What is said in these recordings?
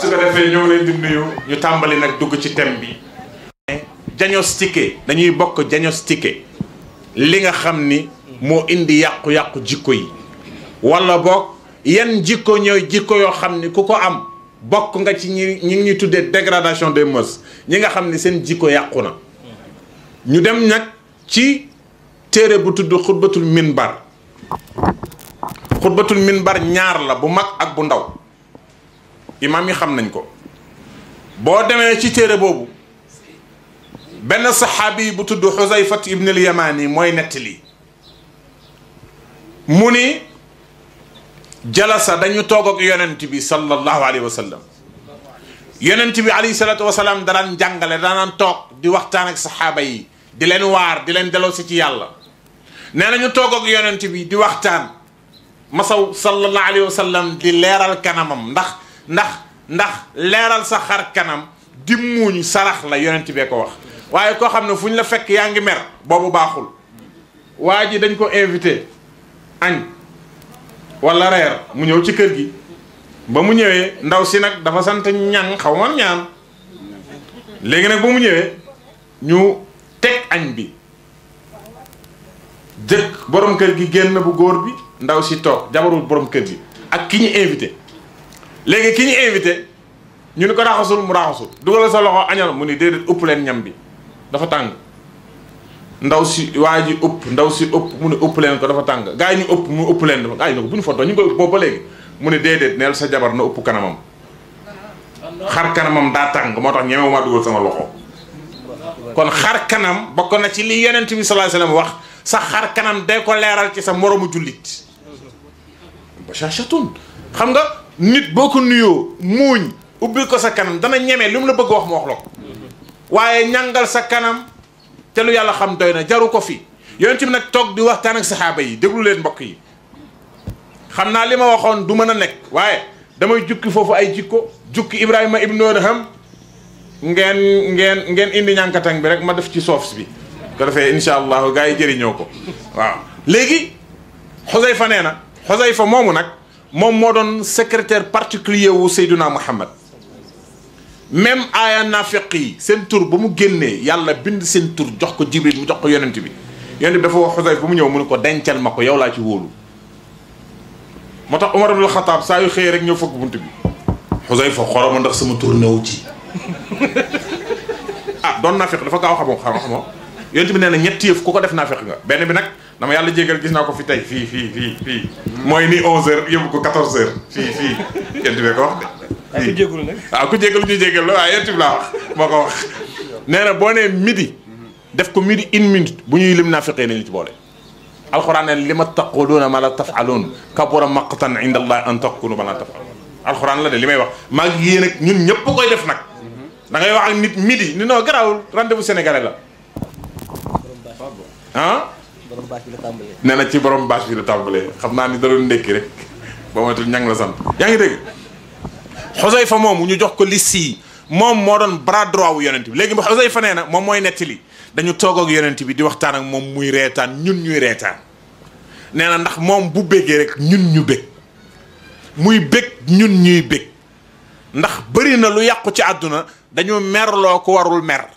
su ko defee ñoo ngi leen di nuyu ñu tàmbali nag dugg ci thème bi. diagnostiqué dañuy bokk diagnostiqué li nga xam ni moo indi yàqu-yàqu jikko yi wala boog yan jikko ñooy jikko yoo xam ni ku ko am bokk nga ci ñi ñi ngi tuddee dégradation des mœurs ñi nga xam ni seen jikko yàqu na. ñu dem nag ci téere bu tudd xutbatul minbar xutbatul minbar ñaar la bu mag ak bu ndaw. imaam yi xam nañ ko boo demee ci téere boobu benn saxaabi bu tudd xusayfat ibn al yamani mooy nettali mu ni jalasa dañu toog ak yonent bi sallallahu alayhi wa sallam yonent bi alayhi salatu wasalaam danaan jàngale danaan toog di waxtaan ak saxaaba yi di leen waar di leen deloo si ci yàlla nee nañu toog ak bi di waxtaan masaw sallallahu alayhi wa sallam di leeral kanamam ndax ndax ndax leeral sa xar kanam di muuñ sarax la yonent bee ko wax waaye koo xam ne fu ñu la fekk yaa ngi mer boobu baaxul waa ji dañ ko invité añ walla reer mu ñëw ci kër gi ba mu ñëwee ndaw si nag dafa sant ñan xaw ma ñaan léegi nag ba mu ñëwee ñu teg añ bi jëkk borom kër gi génn bu góor bi ndaw si toog jabarul borom kër gi ak ki ñu invité léegi ki ñu invité ñu ne ko raxasul mu raxasul dugalal sa loxo añal mu ni déedéet ëpp leen ñam bi dafa tàng ndaw si waa ji ëpp ndaw si ëpp mu ne upp leen ko dafa tàng gaa yi ñu ëpp mu upp leen dafa gaa yi ne ko bu ñu foto ñu ko boobu ba léegi mu ne déedéet neel sa jabar na upp kanamam xar kanamam daa tàng moo tax ñemewu dugal sama loxo kon xar kanam bokk na ci li yonent bi sallallahu alayhi wax sa xar kanam day ko leeral ci sa moroomu jullit ba nit boo ko nuyoo muuñ ubbi ko sa kanam dana ñeme li mu la bëgg wax mu wax la ko waaye ñàngal sa kanam te lu yàlla xam doy na jaru ko fi yonent bi nag toog di waxtaan ak saxaaba yi déglu leen mbokk yi xam naa li ma waxoon du mën a nekk waaye damay jukki foofu ay jikko jukki Ibrahima ibnu Adham ngeen ngeen ngeen indi ñànkatang bi rek ma def ci soof bi ko defee incha allahu gars yi jëriñoo ko waaw léegi xosay fa nee na xosay fa moomu nag moom moo doon secrétaire particulier wu Seydouna Muhammad même aaya naafeq yi seen tur ba mu génnee yàlla bind seen tur jox ko Jibril mu jox ko yonent bi yonent bi dafa wax Xusayf ba mu ñëw mu ne ko dencal ma ko yow laa ci wóolu moo tax Omar ibn Khattab saa yu xëyee rek ñëw fëgg bunt bi Xusayfa xoroma ndax sama tur newu ci ah doon naafeq dafa gaaw xamoo xamoo yonent bi nee na ñetti yëf ku ko def naa fekk nga bi nag dama yàlla jégal gis naa ko fi tey fii fii fii fii mooy ni 11h yóbbu ko 14h fii fii yonent bi ko wax ah, ku jégalu nag waaw ah, ku la waaw yonent bi nee boo nee midi. def ko midi une minute bu ñuy lim naa fekkee nañu ci boole. alxuraan ne li ma taquluuna ma la tafaloon kabura maqtan inda allahi an taqulu ma la tafaloon alxuraan la de li may wax maa ngi yéen ak ñun ñëpp koy def nag. Mhm. da ngay wax ak nit midi ni noo garaawul rendez-vous sénégalais la. ah. borom bâche la tàmbalee. nee na ci borom bâche bi la tàmbalee xam naa ni da doon ndékki rek ba moytul ñang la sant yaa ngi dégg. Xosayfa moomu ñu jox ko li sii moom moo doon bras droit wu yonent bi léegi ba Xosayfa nee na moom mooy nettali dañu toog ak yonent bi di waxtaan ak moom muy reetaan ñun ñuy reetaan nee na ndax moom bu béggee rek ñun ñu bég muy bég ñun ñuy bég ndax bëri na lu yàqu ci àdduna dañu merloo ko warul mer.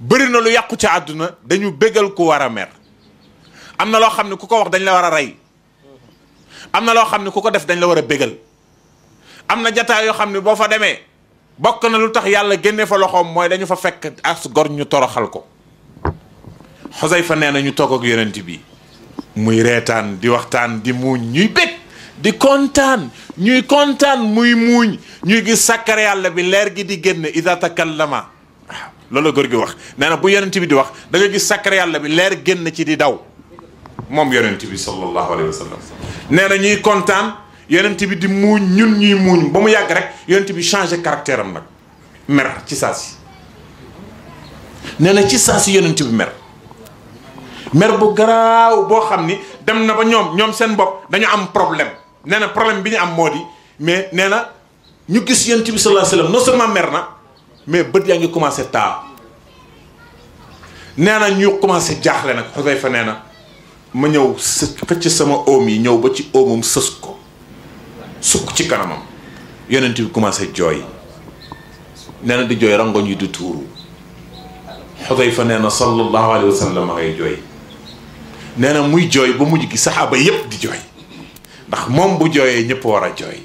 bëri na lu yàqu ci àdduna dañu bégal ku war a mer am na loo xam ne ku ko wax dañ la war a rey am na loo xam ne ku ko def dañ la war a bégal am na jataay yoo xam ne boo fa demee bokk na lu tax yàlla génne fa loxoom mooy dañu fa fekk as gor ñu toroxal ko fa nee na ñu toog ak yonent bi muy reetaan di waxtaan di muuñ ñuy bég di kontaan ñuy kontaan muy muuñ ñuy gis sàkkar yàlla bi leer gi di génn ida lama loolu góor gi wax nee na bu yonent bi di wax da gis sàkkar yàlla bi leer génn ci di daw moom yonent bi sallallahu alayhi wa sallam nee na ñuy kontaan yonent bi di muuñ ñun ñuy muuñ ba mu yàgg rek yonent bi changé caractère am nag mer ci saa si nee na ci saa si yonent bi mer mer bu garaaw boo xam ni dem na ba ñoom ñoom seen bopp dañu am problème nee na problème bi ñu am moo mais nee na ñu gis yonent bi sallallahu alayhi wa sallam non seulement mer na mais bët yaa ngi commencé taa nee na ñu commencé jaaxle nag Xudayfa nee na ma ñëw xëcc sama om yi ñëw ba ci oomum sës ko sukk ci kanamam yonent bi commencé jooy nee na di jooy rangoñ yi di tuuru Xudayfa nee na sallallahu alayhi wa sallam ma ngay jooy nee na muy jooy ba mujj gi saxaaba yépp di jooy ndax moom bu jooyee ñëpp war a jooy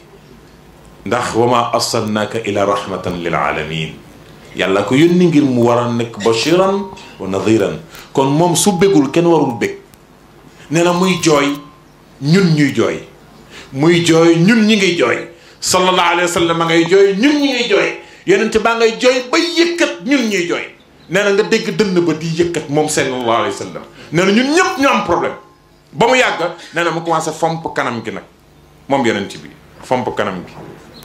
ndax wa ma arsalnaaka ila rahmatan lil alamin yàlla ko yónni ngir mu war a nekk bashiran wa nadiran kon moom su bégul kenn warul bég nee na muy jooy ñun ñuy jooy muy jooy ñun ñu ngi jooy sallallahu alayhi wa sallam a ngay jooy ñun ñi ngi jooy yonent baa ngay jooy ba yëkkat ñun ñuy jooy nee na nga dégg dënn ba di yëkkat moom sallallahu alayhi wa sallam nee na ñun ñëpp ñu am problème ba mu yàgg nee na mu commencé fomp kanam gi nag moom yonent bi fomp kanam gi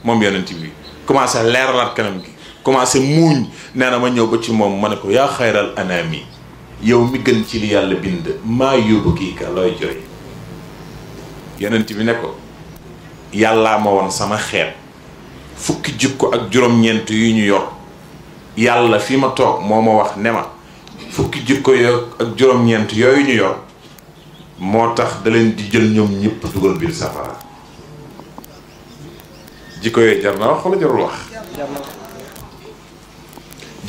moom yonent bi commencé leeralaat kanam gi commencé muuñ nee na ma ñëw ba ci moom ma ne ko yaa xayral anami yow mi gën ci li yàlla bind maa yóbbu kii ka looy jooy yonent bi ne ko yàllaa ma woon sama xeet fukki jikko ak juróom-ñeent yu ñu yor yàlla fi ma toog moo ma wax ne ma fukki jikko yo ak juróom-ñeent yooyu ñu yor moo tax da leen di jël ñoom ñëpp dugal biir safara jikko yooyu jar na wax wala jarul wax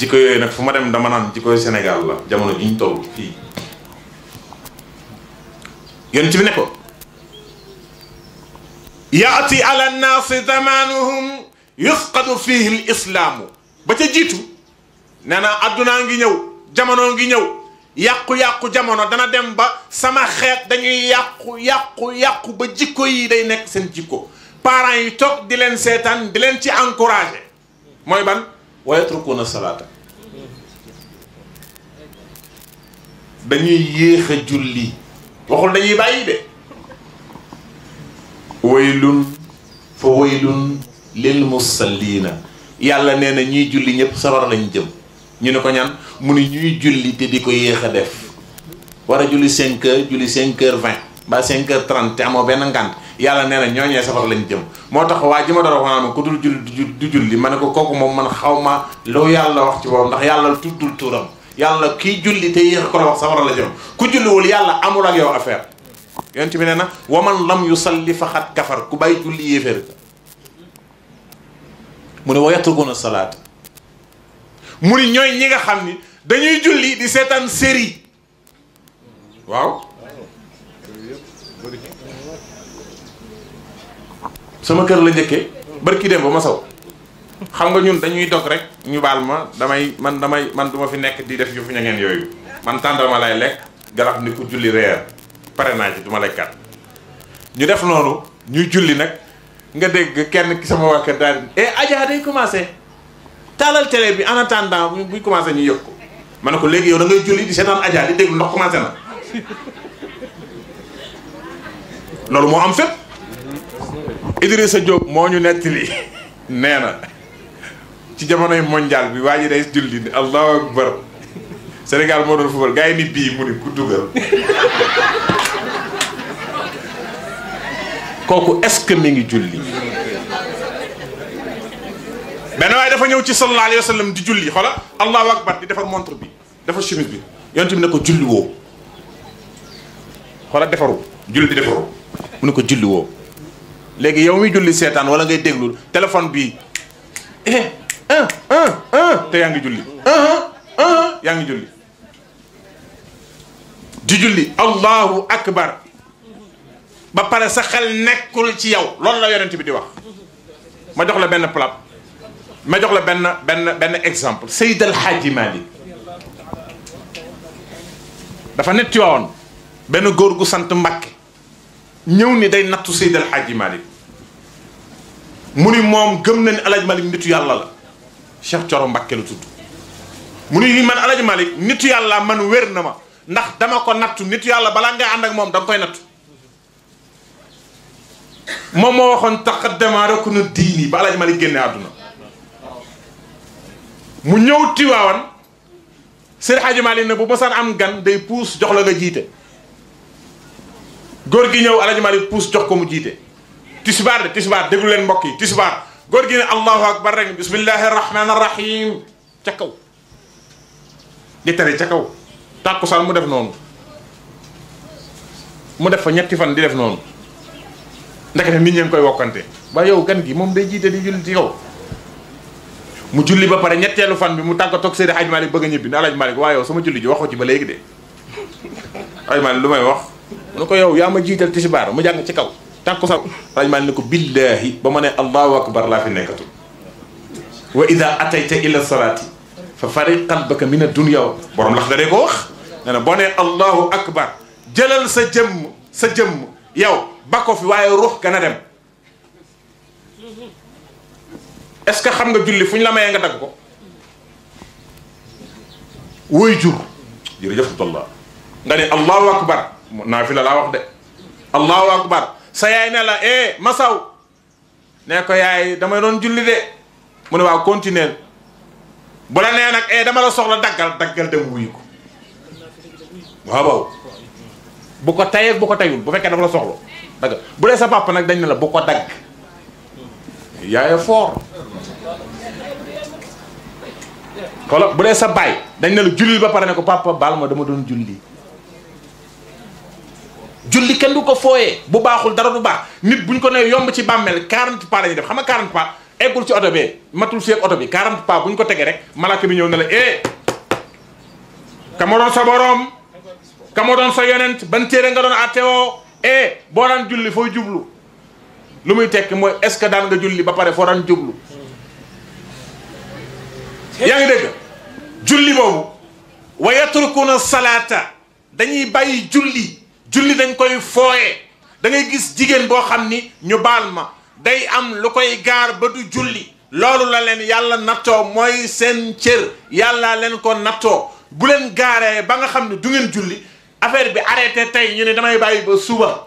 jikko yooyu nag fu ma dem dama naan jikko Sénégal la jamono ji ñu toll ci yonent bi ne ko yaati ala nnaasi zamanuhum yusqadu fihi l ba ca jiitu nee na addunaa ngi ñëw jamono ngi ñëw yàqu-yàqu jamono dana dem ba sama xeet dañuy yàqu yàqu yàqu ba jikko yi day nekk seen jikko parents yi toog di leen seetaan di leen ci encourage mooy ban wa yatrukuuna salaata dañuy yéex julli waxul dañuy bàyyi de waylun fa waylun lil musalliina yàlla nee na ñuy julli ñëpp sawar lañ jëm ñu ne ko ñaan mu ne ñuy julli te di ko yéex a def war a julli cinq heures julli cinq heures vingt mbaa cinq heures te amoo benn ngànt yàlla nee na ñooñee safara lañu jëm moo tax waa ji ma doon wax ma ku dul julli du julli ma ne ko kooku moom man xaw ma lu yàlla wax ci boobu ndax yàlla dul turam yàlla kii julli te yéex ko la wax safara la jëm ku julliwul yàlla amul ak yow affaire yonent bi nee na man lam yusalli faxat kafar ku bàyyi julli yéeféer mu ne wa yatrukuna salaat mu ni ñooy ñi nga xam ni dañuy julli di seetaan série waaw sama kër la njëkkee barki dem ba ma saw xam nga ñun dañuy dog rek ñu baal ma damay man damay man du ma fi nekk di def yu fi ñangeen yooyu man tàndarma lay lekk galax ni ku julli reer pare naa ci du ma lekkat ñu def noonu ñuy julli nag nga dégg kenn ki sama waa kër daal e Adja day commencé taalal télé bi en attendant buy commencé ñu yëg ko ma ne ko léegi yow da ngay julli di seetaan Adja di déglu ndox commencé na loolu moo am fépp Idrissa Diop moo ñu nettali nee na ci jamonoy mondial bi waa ji day julli ni allahu akbar Sénégal moo doon football gars yi ni bii mu ni ku dugal kooku est-ce mi ngi julli benn waaye dafa ñëw ci sallallahu alayhi wa sallam di julli xoola allahu akbar di defar montre bi defar chemise bi yonent bi ne ko julli woo xoola defaru julli di defaru mu ne ko julli woo léegi yow mi julli seetaan wala ngay déglu téléphone bii eh, eh, eh, te yaa ngi julli un un yaa ngi julli di julli allahu akbar ba pare sa xel nekkul ci yow loolu la yonent bi di wax ma jox la benn plat ma jox la benn benn exemple Seyd El Hadji Malick dafa ne benn góor gu sant Mbàkke ñëw ni day nattu Seyd El Hadji mu ni moom gëm na alaj El Hadj yàlla la Cheikh Thioro Mbacké la tudd mu ni man El Hadj Malick yàlla man wér na ma ndax dama ko nattu nitu yàlla balaa nga ànd ak moom danga koy nattu moom moo waxoon taqaddama ruknu diini ba El Hadj Malick génne àdduna mu ñëw Tiwaawan Serigne Hadj na ne bu mosaan am gan day puus jox la nga jiite góor gi ñëw El Hadj Malick puus jox ko mu jiite. tisbaar de tisbaar déglu leen mbokk yi tisbaar góor gi ne allahu akbar rek bismillahi rahmani rahim ca kaw di tere ca kaw tàkkusaan mu def noonu mu def fa ñetti fan di def noonu ndekete nit ñee ngi koy wokkante waaye yow gan gi moom day jiite di julli ci kaw mu julli ba pare ñetteelu fan bi mu tàggatoo ak Seydi Hadj Malick bëgg a ñibbi ne Alaaji Malick waaye yow sama julli ji waxoo ci ba léegi de Alaaji lu may wax mu ne ko yow yaa ma jiital tisbaar mu jàng ci kaw tàkkusaan rajmaal ni ko billaahi ba ma ne allahu akbar laa fi nekkatul wa ida atayta ila salaati fa fari qalbaka min ad-dunya borom lax daree ko wax nee na boo nee allahu akbar jëlal sa jëmm sa jëmm yow ba fi waaye ruux gën a dem est-ce que xam nga julli fu ñu la mayee nga dagg ko woy jur jërëjëf Abdallah nga ne allahu akbar naa fi la laa wax de allahu akbar sa yaay ne la eh, masaw ne ko yaay damay doon julli de mu ne waaw continuer bu la nee nag eh, dama la soxla daggal daggal dem wuyu ko waaw bu ko tayee bu ko tayul bu fekkee dafa la soxla daggal bu dee sa papa nag dañ ne la bu ko dagg yaay fort xoolal bu dee sa baay dañ ne la julli ba pare ne ko papa baal ma dama doon julli. julli kenn du ko fooyee bu baaxul dara du baax nit buñ ko nee yomb ci bàmmeel 40 pas la ñuy def xam nga 40 pas eggul ci oto bee matul seeg oto bi 40 pas buñ ko tegee rek malaaka bi ñëw na la eh. sa borom kamodoon sa yonent ban téere nga doon àtteewoo eh boo daan julli foo jublu lu muy tekki mooy est-ce que daan nga julli ba pare foo daan jublu. yaa ngi dégg julli boobu. wa yatrukuna salaata dañuy bàyyi julli. julli dañ koy fooye da ngay gis jigéen boo xam ni ñu baal ma day am lu koy gaar ba du julli loolu la leen yàlla nattoo mooy seen cër yàlla leen ko nattoo bu leen gaaree ba nga xam ne du ngeen julli affaire bi arrêté tey ñu ne damay bàyyi ba suba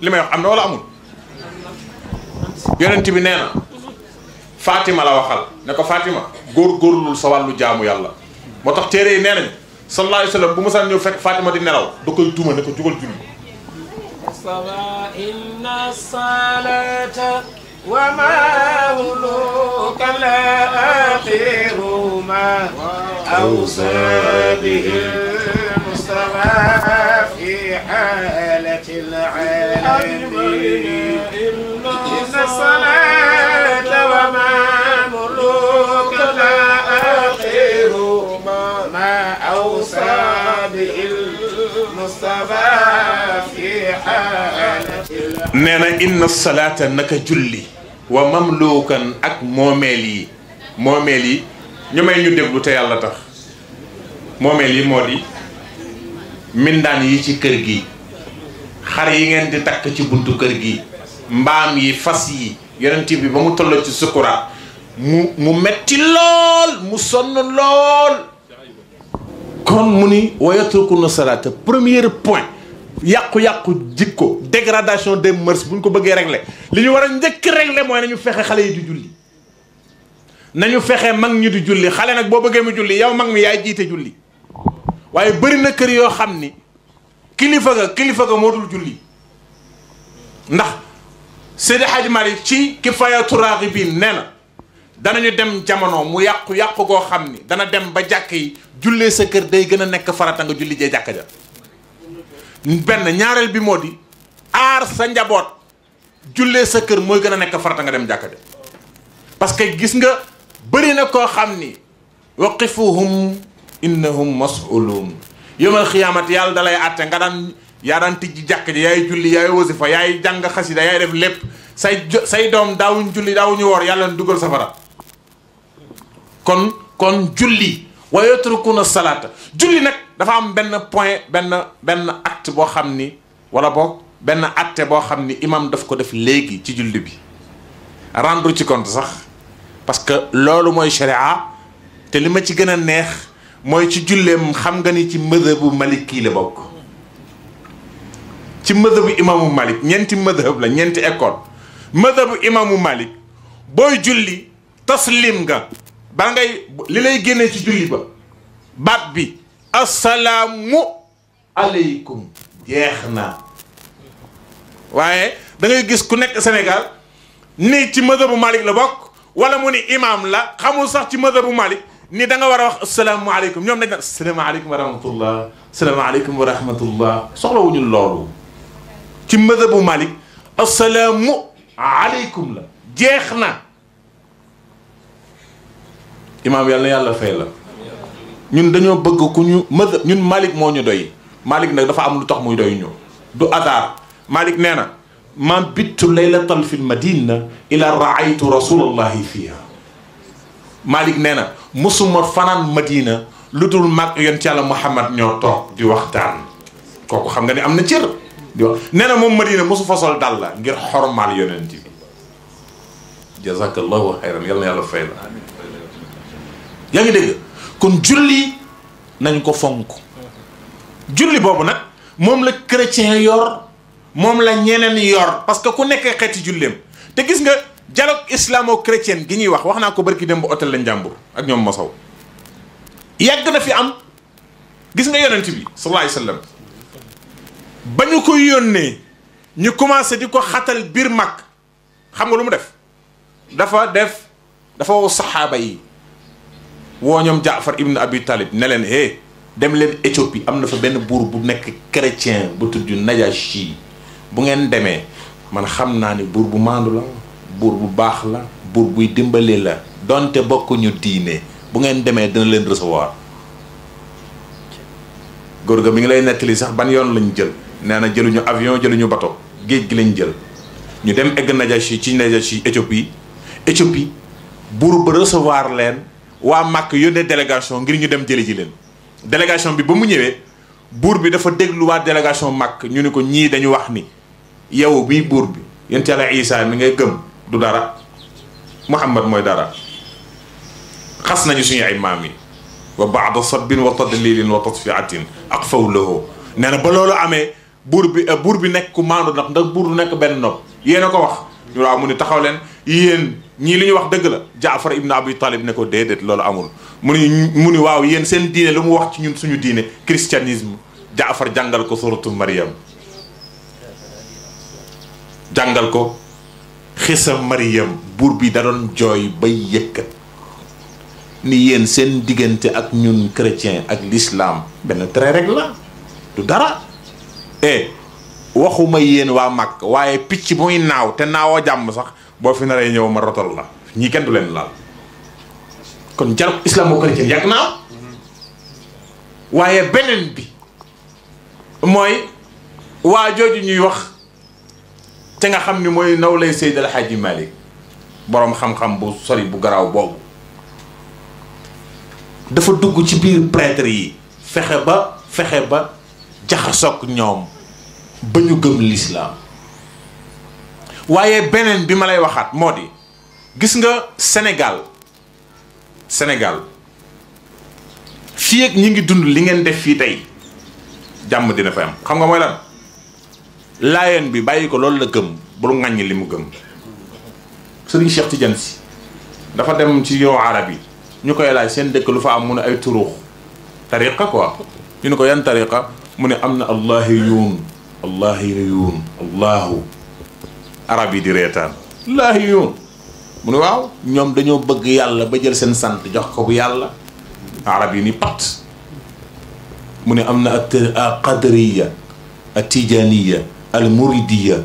li may wax am na wala amul yonent bi nee na Fatima la waxal ne ko Fatima góor góorlul sa wàllu jaamu yàlla moo tax téere yi nee nañ sallallahu alayhi wa sallam bu ma saan ñëw fekk Fatima di nelaw da koy tuuma ne ko jugal julli sala inna salata wa ma wuluka la axiru ma awsa bihi mustafa fi xaalati alamin inna salata wa ma nee na inna salaata naka julli wa mamluukan ak moomeel yi moomeel yi ñu ñu déglu te yàlla tax moomeel yi moo di mindaan yi ci kër gi xar yi ngeen di takk ci buntu kër gi mbaam yi fas yi yonent bi ba mu tolloo ci sukuraat mu mu metti lool mu sonn lool kon mu ni wayatrukuna salaata premier point yàqu-yàqu jikko dégradation des mœurs bu ñu ko bëggee régler li ñu war a njëkk régler mooy nañu fexe xale yi di julli nañu fexe mag ñi di julli xale nag boo bëggee mu julli yow mag mi yaay jiite julli waaye bëri na kër yoo xam ni kilifa ga kilifa ga moo dul julli ndax Seydi Hadji Malick ci Kifaayatu Raaxibiin nee na danañu dem jamono mu yàqu yàqu goo xam ni dana dem ba jàkk yi jullee sa kër day gën a nekk farata nga julli jee jàkka ja benn ñaareel bi moo di aar sa njaboot jullee sa kër mooy gën a nekk farata nga dem jàkka ja parce que gis nga bëri na koo xam ni waqifuhum innahum mas'ulun yawmal xiyaamati yàlla dalay àtte nga daan yaa daan tijji jàkk ji yaay julli yaay wasifa yaay jàng xasida yaay def lépp say say doom daawuñ julli daawuñu woor yàlla dugal safara kon kon julli wa yatrukuna salaata julli nag dafa am benn point benn benn acte boo xam ni wala boog benn acte boo xam ni imam daf ko def léegi ci julli bi rendre ci compte sax parce que loolu mooy sharia te li ma ci gën a neex mooy ci julleem xam nga ni ci madhabu maliki la bokk ci madhabu imaamu malik ñeenti madhab la ñeenti école madhabu imaamu malik booy julli taslim nga bala li lay génnee ci julli ba baat bi asalaamu aleykum jeex waaye da gis ku nekk Sénégal ni ci madhabu Malik la bokk wala mu ni imaam la xamul sax ci madhabu Malik ni da nga war a wax asalaamaaleykum ñoom dañ naan asalaamaaleykum wa rahmatullah asalaamaaleykum wa rahmatullah soxlawuñu loolu ci madhabu alekum la jeex imaam yàlla na yàlla fay la ñun dañoo bëgg ku ñu mës moo ñu doy malik nag dafa am lu tax muy doy ñu du hasard Malick nee na ma bittu tal fi lmadina ila raaytu rasulallahi fiha Malick nee na musuma fanaan madina lu dul mag yoon ci yàlla Muhammad ñoo di waxtaan xam nga ne am na cër di wax nee na madina mosu fasol dal la ngir xormaal yonent bi jazakallahu xayran yal na yàlla fay la yaa ngi dégg kon julli nañ ko fonk julli boobu nag moom la chrétien yor moom la ñeneen yor parce que ku nekk xeeti julleem te gis nga dialogue islamo-chrétien gi ñuy wax wax naa ko ki dem ba hôtel la njàmbur ak ñoom Masaw yàgg na fi am gis nga yonent bi sallallahu alayhi wasallam ba ñu koy yónnee ñu commencé di ko xatal biir mag xam nga lu mu def dafa def dafa woo saxaaba yi woo ñoom Jaafar ibn Abi Talib ne leen hé dem leen Éthiopie am na fa benn buur bu nekk chrétien bu tudd Najashi bu ngeen demee man xam naa ni buur bu maandu la buur bu baax la buur buy dimbale la donte bokkuñu diine bu ngeen demee dina leen recevoir góor ga mi ngi lay nettali sax ban yoon lañu jël nee na jëluñu avion jëluñu bato géej gi lañ jël ñu dem egg Najashi ci Najashi Éthiopie Éthiopie buur ba recevoir leen waa màkk yónnee délégation ngir ñu dem jëli ji leen délégation bi ba mu ñëwee buur bi dafa déglu waa délégation màkk ñu ni ko ñii dañu wax ni yow bii buur bi yent yàlla Isa mi ngay gëm du dara Muhammad mooy dara xas nañu suñu ay maam yi wa baada sabbin wa tadlilin wa tatfiatin ak faw lahoo nee na ba loolu amee buur bi buur bi nekk ku maandu ndax ndax buur du nekk benn nopp yéena ko wax ñu waaw mu ne taxaw leen yéen ñii li ñu wax dëgg la jaafar ibn abi talib ne ko déedéet loolu amul mu ni mu ni waaw yéen seen diine lu mu wax ci ñun suñu diine christianisme jaafar jàngal ko suratul mariam jàngal ko xisa mariam buur bi da doon jooy ba yëkkat ni yéen seen diggante ak ñun chrétien ak lislaam benn trait rek la du dara e waxuma yéen waa mag waaye picc muy naaw te naawoo jàmm sax boo fi naree ñëw ma rotal la ñii kenn du leen laal kon jarul islamo-chrétien yàgg naa waaye beneen bi mooy waa jooju ñuy wax te nga xam ni mooy naw lay Seydi El Hadji boroom xam-xam bu sori bu garaaw boobu dafa dugg ci biir prêtre yi fexe ba fexe ba jaxasoog ñoom ba ñu gëm lislaam waaye beneen bi ma lay waxaat moo di gis nga Sénégal Sénégal fii ak ñi ngi dund li ngeen def fii tey jàmm dina fa am xam nga mooy lan laayeen bi bàyyi ko loolu la gëm bul ŋàññi li mu gëm Serigne Cheikh Tidiane si dafa dem ci yow arab yi ñu koy laaj seen dëkk lu fa am mu ne ay turuux tariqa quoi ñu ne ko yan tariqa mu ne am na allahi yuun allahi yuun allahu arab yi di reetaan laahi yoon mu ne waaw ñoom dañoo bëgg yàlla ba jël seen sant jox ko bu yàlla arab yi ni pat mu ne am na a qadriya a tijaniya al muridiya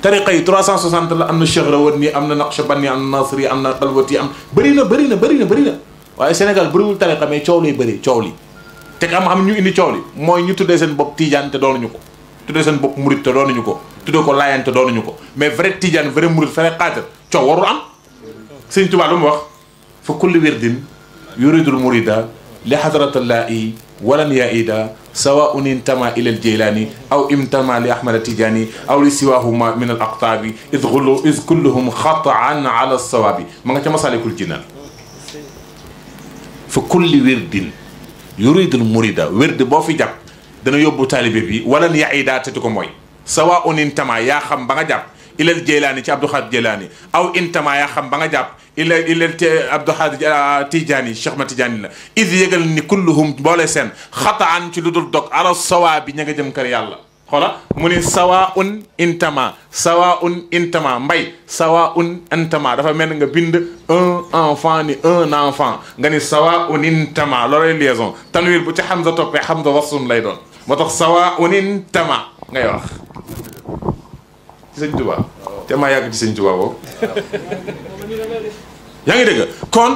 tariqa yi 360 la am na Chahrawan am na Naqshbandi am na Nasri am na yi am bëri na bëri na bëri na bëri na waaye Sénégal bëriwul tariqa mais coow lay bëri coow li te am xam ñu indi coow li mooy ñu tuddee seen bopp tijaan te doonuñu ko tuddee seen bopp murit te doonuñu ko tuddee ko laayeen te doonuñu ko mais vrai tijaan vrai murit vrai xaadir coow warul am sëñ Tuubaa lu mu wax fa kulli wirdin yuridul murida li xadratallaahi walan yaida ila aljeylani aw imtama li ahmada aw li siwahuma min al id kullu id kulluhum xataan ala sawaabi ma nga ca masalikul wird boo fi dana yóbbu taalibe bi wala yaay daa te du ko mooy sawa un intama yaa xam ba nga jàpp ilal jeylaani ci Abdou Khadre Jeylaani aw intama yaa xam ba nga jàpp ila ilal Abdou Khadre euh, Tijaani Cheikh Ma Tijaani la id yëgal ni kulluhum boole seen xataan ci lu dul dog ala sawa bi ña nga jëm kër yàlla xoola mu ni sawa un intama sawa un intama mbay sawa un intama dafa mel nga bind un enfant ni un enfant nga ni sawa un intama loolay liaison tanwil bu ci hamza toppee hamza wasum lay doon moo tax sawa unin tama ngay wax ci sëñ Tuubaa te maa yàgg ci sëñ Tuubaa boobu yaa ngi dégg kon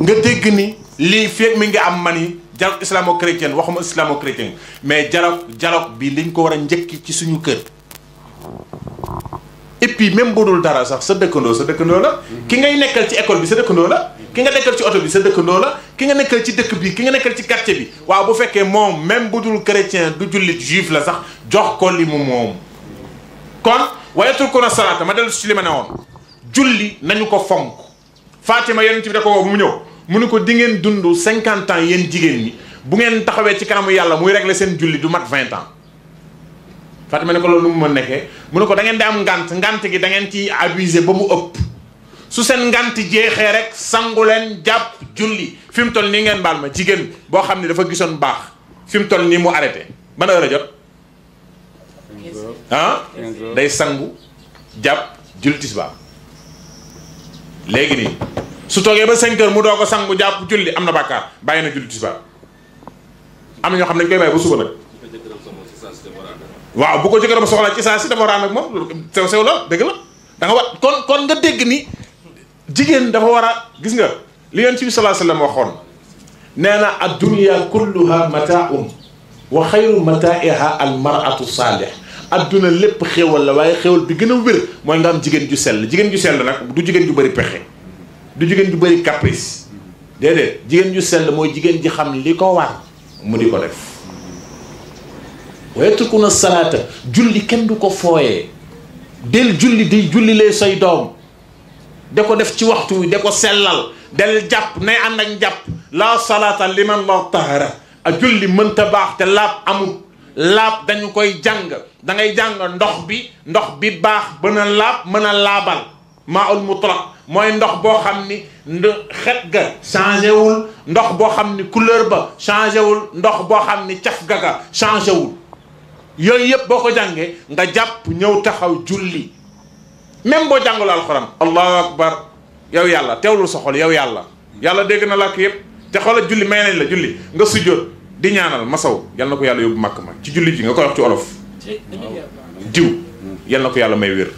nga dégg ni lii feeg mi ngi am man yi dialogue islamo-chrétien waxuma islamo-chrétien mais dialogue dialogue bi liñ ko war a njëkki ci suñu kër et puis même bu dul dara sax sa dëkkandoo sa dëkkandoo la mm-hmm. ki ngay nekkal ci école bi sa dëkkandoo la ki nga dekkal ci oto bi sa dëkkandoo la ki nga nekkal ci dëkk bi ki nga nekkal ci quartier bi waaw bu fekkee moom même bu dul chrétien du jullit juif la sax jox ko li mu moom kon wayatul ko na salaata ma dellu ci li ma ne woon julli nañu ko fonk Fatima yonent bi da ko woo bu mu ñëw mu ne ko di ngeen dund cinquante ans yéen jigéen ñi bu ngeen taxawee ci kanamu yàlla muy regle seen julli du mat vingt ans Fatima ne ko loolu nu mu mën nekkee mu ne ko da di am ngant ngant gi da ci abusé ba mu ëpp su seen ngant jeexee rek sangu leen jàpp julli fi toll nii ngeen baal ma jigéen boo xam ne dafa gisoon baax fi mu toll nii mu arrêté ban heure a jot ah? day sangu jàpp julli tisbaar léegi nii su toogee ba 5 mu doo ko sangu jàpp julli am na bàkkaar bàyyi na julli tisbaar am na ñoo xam ne dañ koy bàyyi ba suba nag waaw bu ko jëkkëram soxla ci saa si dafa war a ànd ak moom sew sew la dëgg la da nga kon kon nga dégg ni jigéen dafa war a gis nga li yonent bi sallallahu alayhi waxoon nee na addunya kulluha mataaun wa xayru mataa'iha al mar'atu saalih adduna lépp xéewal la waaye xéewal bi gën a wér mooy nga am jigéen ju sell jigéen ju sell nag du jigéen ju bari pexe du jigéen ju bëri caprice déedéet jigéen ju sell mooy jigéen ji xam li ko war mu di ko def waaye tukuna salaata julli kenn du ko fooyee del julli di julli lay say doom da ko def ci waxtu wi da ko sellal del jàpp nay ànd ak jàpp laa salaata liman la tahara a julli mënta baax te laab amul laab dañu koy jàng da ngay jàng ndox bi ndox bi baax mën a laab mën a laabal maa ul mutlaq mooy ndox boo xam ni xet ga changé wul ndox boo xam ni couleur ba changé wul ndox boo xam ni caf ga ga changé wul yooyu yëpp boo ko jàngee nga jàpp ñëw taxaw julli même boo jàngul alxuraan allahu akbar yow yàlla teewlul sa xol yow yàlla yàlla dégg na làkk yëpp te a julli may nañ la julli nga sujjóot di ñaanal masaw yal na ko yàlla yóbbu màkk ma ci julli ji nga koy wax ci olof diw yal na ko yàlla may wér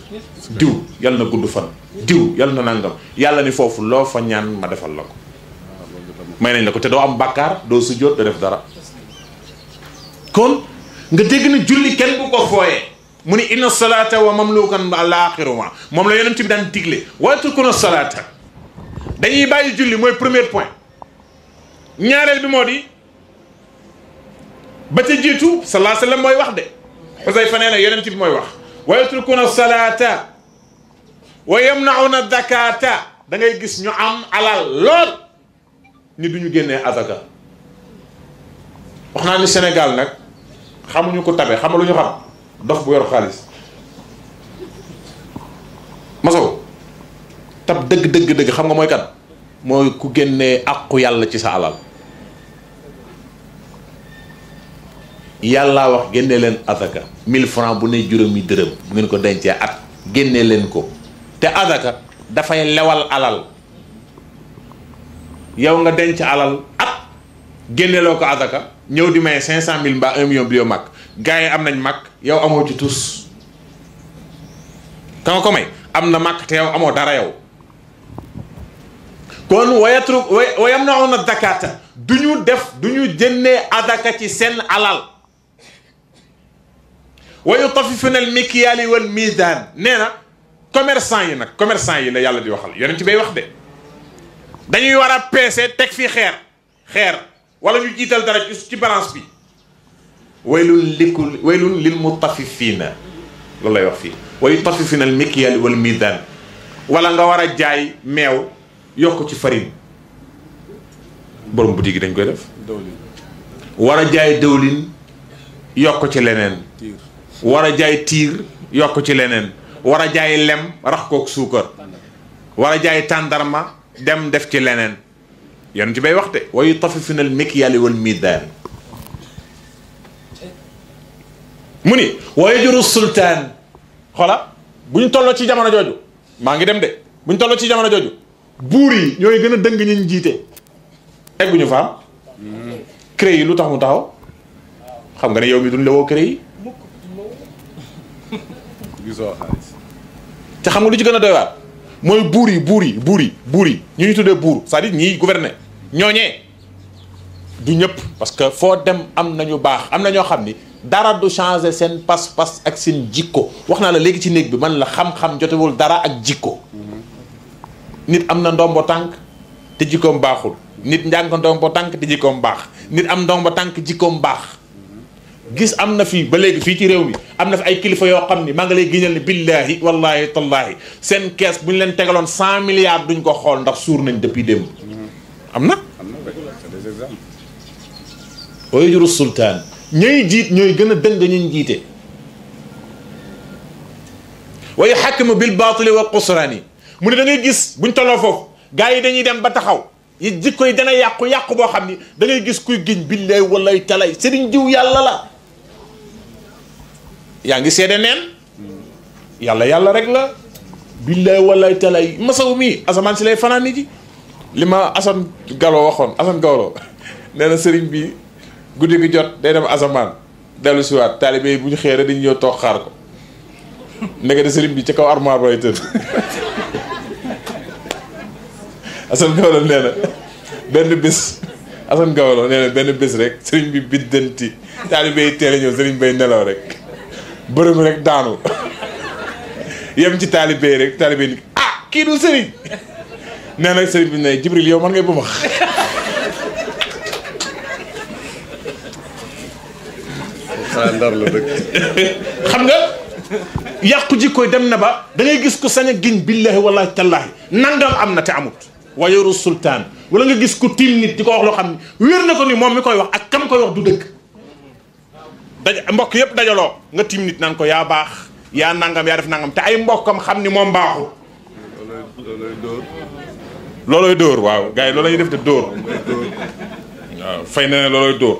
diw yal na gudd fan diw yal na nangam yàlla ni foofu loo fa ñaan ma defal la ko may nañ la ko te doo am bàkkaar doo sujjóot doo def dara kon nga dégg na julli kenn bu ko fooyee mu ni inna salaata wa mamlukan laaxiruma moom la yonent bi daan digle wayatrukuna salaata dañuy bàyyi julli mooy premier point ñaareel bi moo di ba ca jiitu salaa sallam mooy wax de xusayfa nee na yonent bi mooy wax wayatrukuna salaata wa yamnauna zakata da ngay gis ñu am alal lool ni duñu génnee azaka wax naa ni Sénégal nag xamuñu ko tabe xamaluñu xam dox bu yor xaalis masow tab dëgg dëgg dëgg xam nga mooy kat mooy ku génnee àqu yàlla ci sa alal yàllaa wax génne leen azaka mille francs bu ne juróomi dërëm bu ngeen ko dencee at génne leen ko te azaka dafay lewal alal yow nga denc alal at loo ko azaka ñëw di may cinq cent mille mbaa un million bi yow mag gars yi am nañ mag yow amoo ci tus kama ko may am na mag te yow amoo dara yow kon wayatru wayam na woon na zakata du ñu def du ñu jëndee azaka ci seen alal wayu tafifuna al mikiyaali wal misaan nee na commerçant yi nag commerçant yi la yàlla di waxal ci bay wax de dañuy war a peese teg fii xeer xeer wala ñu jiital dara ci balance bi waylun likul waylun lil mutaffifina loolu lay wax fii wa yutaffifina al mikyal wal mizan wala nga war a jaay meew yokk ci farine borom boutique yi dañ koy def war a jaay dëwlin yokk ci leneen war a jaay tiir yokk ci leneen war a jaay lem rax kook suukar war a jaay tàndarma dem def ci leneen yéen ci bay waxte wa yutaffifina al mikyal wal mizan mu ni wa yajuru sultaan xoola bu ñu tolloo ci jamono jooju maa ngi dem de bu ñu tolloo ci jamono jooju buur yi ñooy gën a dëng ñi ñu jiite egguñu fa am cré yi lu tax mu taxaw xam nga ne yow mi duñ la woo cré yi te xam nga lu ci gën a doy mooy buur yi buur yi buur yi buur yi ñu ñu tuddee buur c'est-à-dire ñiy gouverner du ñëpp parce que foo dem am na ñu baax am na ñoo xam ni dara du changer seen pas-pas ak seen jikko wax naa la léegi ci néeg bi man la xam-xam jotewul dara ak jikko nit am na ndombo tànk te jikkoom baaxul nit njàng ndombo tànk te jikkoom baax nit am ndombo tànk jikkoom baax gis am na fii ba léegi fii ci réew mi am na fi ay kilifa yoo xam ni maa ngi lay giñal ni billaahi wallaahi tallaahi seen kees bu ñu leen tegaloon cent milliards duñ ko xool ndax suur nañ depuis démb am na. am na sultaan. ñooy jiit ñooy gën a dëng ñuñ jiite waaye xakkimu bil baatili wa yi mu ne dangay gis buñ tolloo foofu gars yi dañuy dem ba taxaw yi jikko yi dana yàqu yàqu boo xam ni da ngay gis kuy giñ billaay walay talay sëriñ jiw yàlla la yaa ngi seede neen yàlla yàlla rek la billaay walay talay masaw mii asamaan si lay fanaan ni ji li ma Assane Gallo waxoon Assane Gallo nee na sëriñ bi guddi gi jot day dem asamaan dellu siwaat waat yi bu ñu xëyee dañu ñëw toog xaar ko nekk sëriñ bi ci kaw armoire bay tëdd Assane Gawlo nee benn bés Assane Gawlo nee benn bés rek sëriñ bi biddanti taalibe yi teel a ñëw sëriñ bay nelaw rek bërëm rek daanu yem ci taalibe rek taalibe yi ah kii du sëriñ nee na sëriñ bi ne Jibril yow man ngay bëmax xanaa ndar la xam nga yàqu jikkooy dem na ba dangay gis ko sañ a giñ billahi wallahi tallaahi nangam am na te amut. wayeeru sultaan wala nga gis ko tiim nit di ko wax loo xam ne wér na ko ni moom mi koy wax ak kam koy wax du dëgg. daja mbokk yëpp dajaloo nga tiim nit naan ko yaa baax yaa nangam yaa def nangam te ay mbokkam xam ni moom baaxul. looloy dóor. waaw gars yi looloy def de dóor. waaw fay na ne looloy dóor.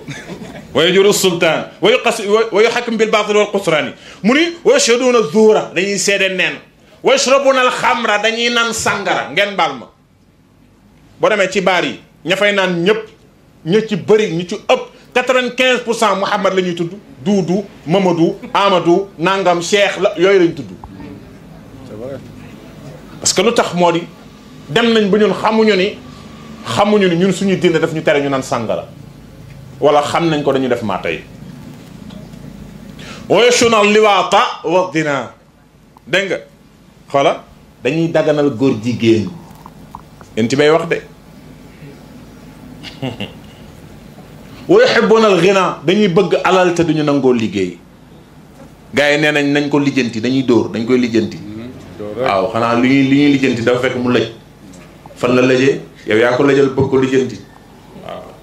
wa yajuru sultaan wa yuqas wa yuxakim bil baatil wal qusraani mu ni wa yashhaduuna zuura dañuy seede neen wa yashrabuuna al xamra dañuy naan sàngara ngeen baal ma boo demee ci baar yi ña fay naan ñëpp ña ci bëri ñu ci ëpp quatre-vingt-quinze pour cent Mouhamad la ñuy tudd Duudu Mamadou Amadou Nangam Cheikh la yooyu lañ tudd parce que lu tax moo di dem nañ ba ñun xamuñu ni xamuñu ni ñun suñu diine daf ñu tere ñu naan sàngara wala xam nañ ko dañu def maa tey woyesuna liwaata wax dinaa dégg nga xoola dañuy daganal góor jigéen yéen ci bay wax de wa yuhibbuna al dañuy bëgg alal te duñu nangoo liggéey gars yi nee nañ nañ ko lijjanti dañuy dóor dañ koy lijjanti waaw xanaa lu ñuy li ñuy lijjanti dafa fekk mu lëj fan la lëjee yow yaa ko lëjal bëgg ko lijjanti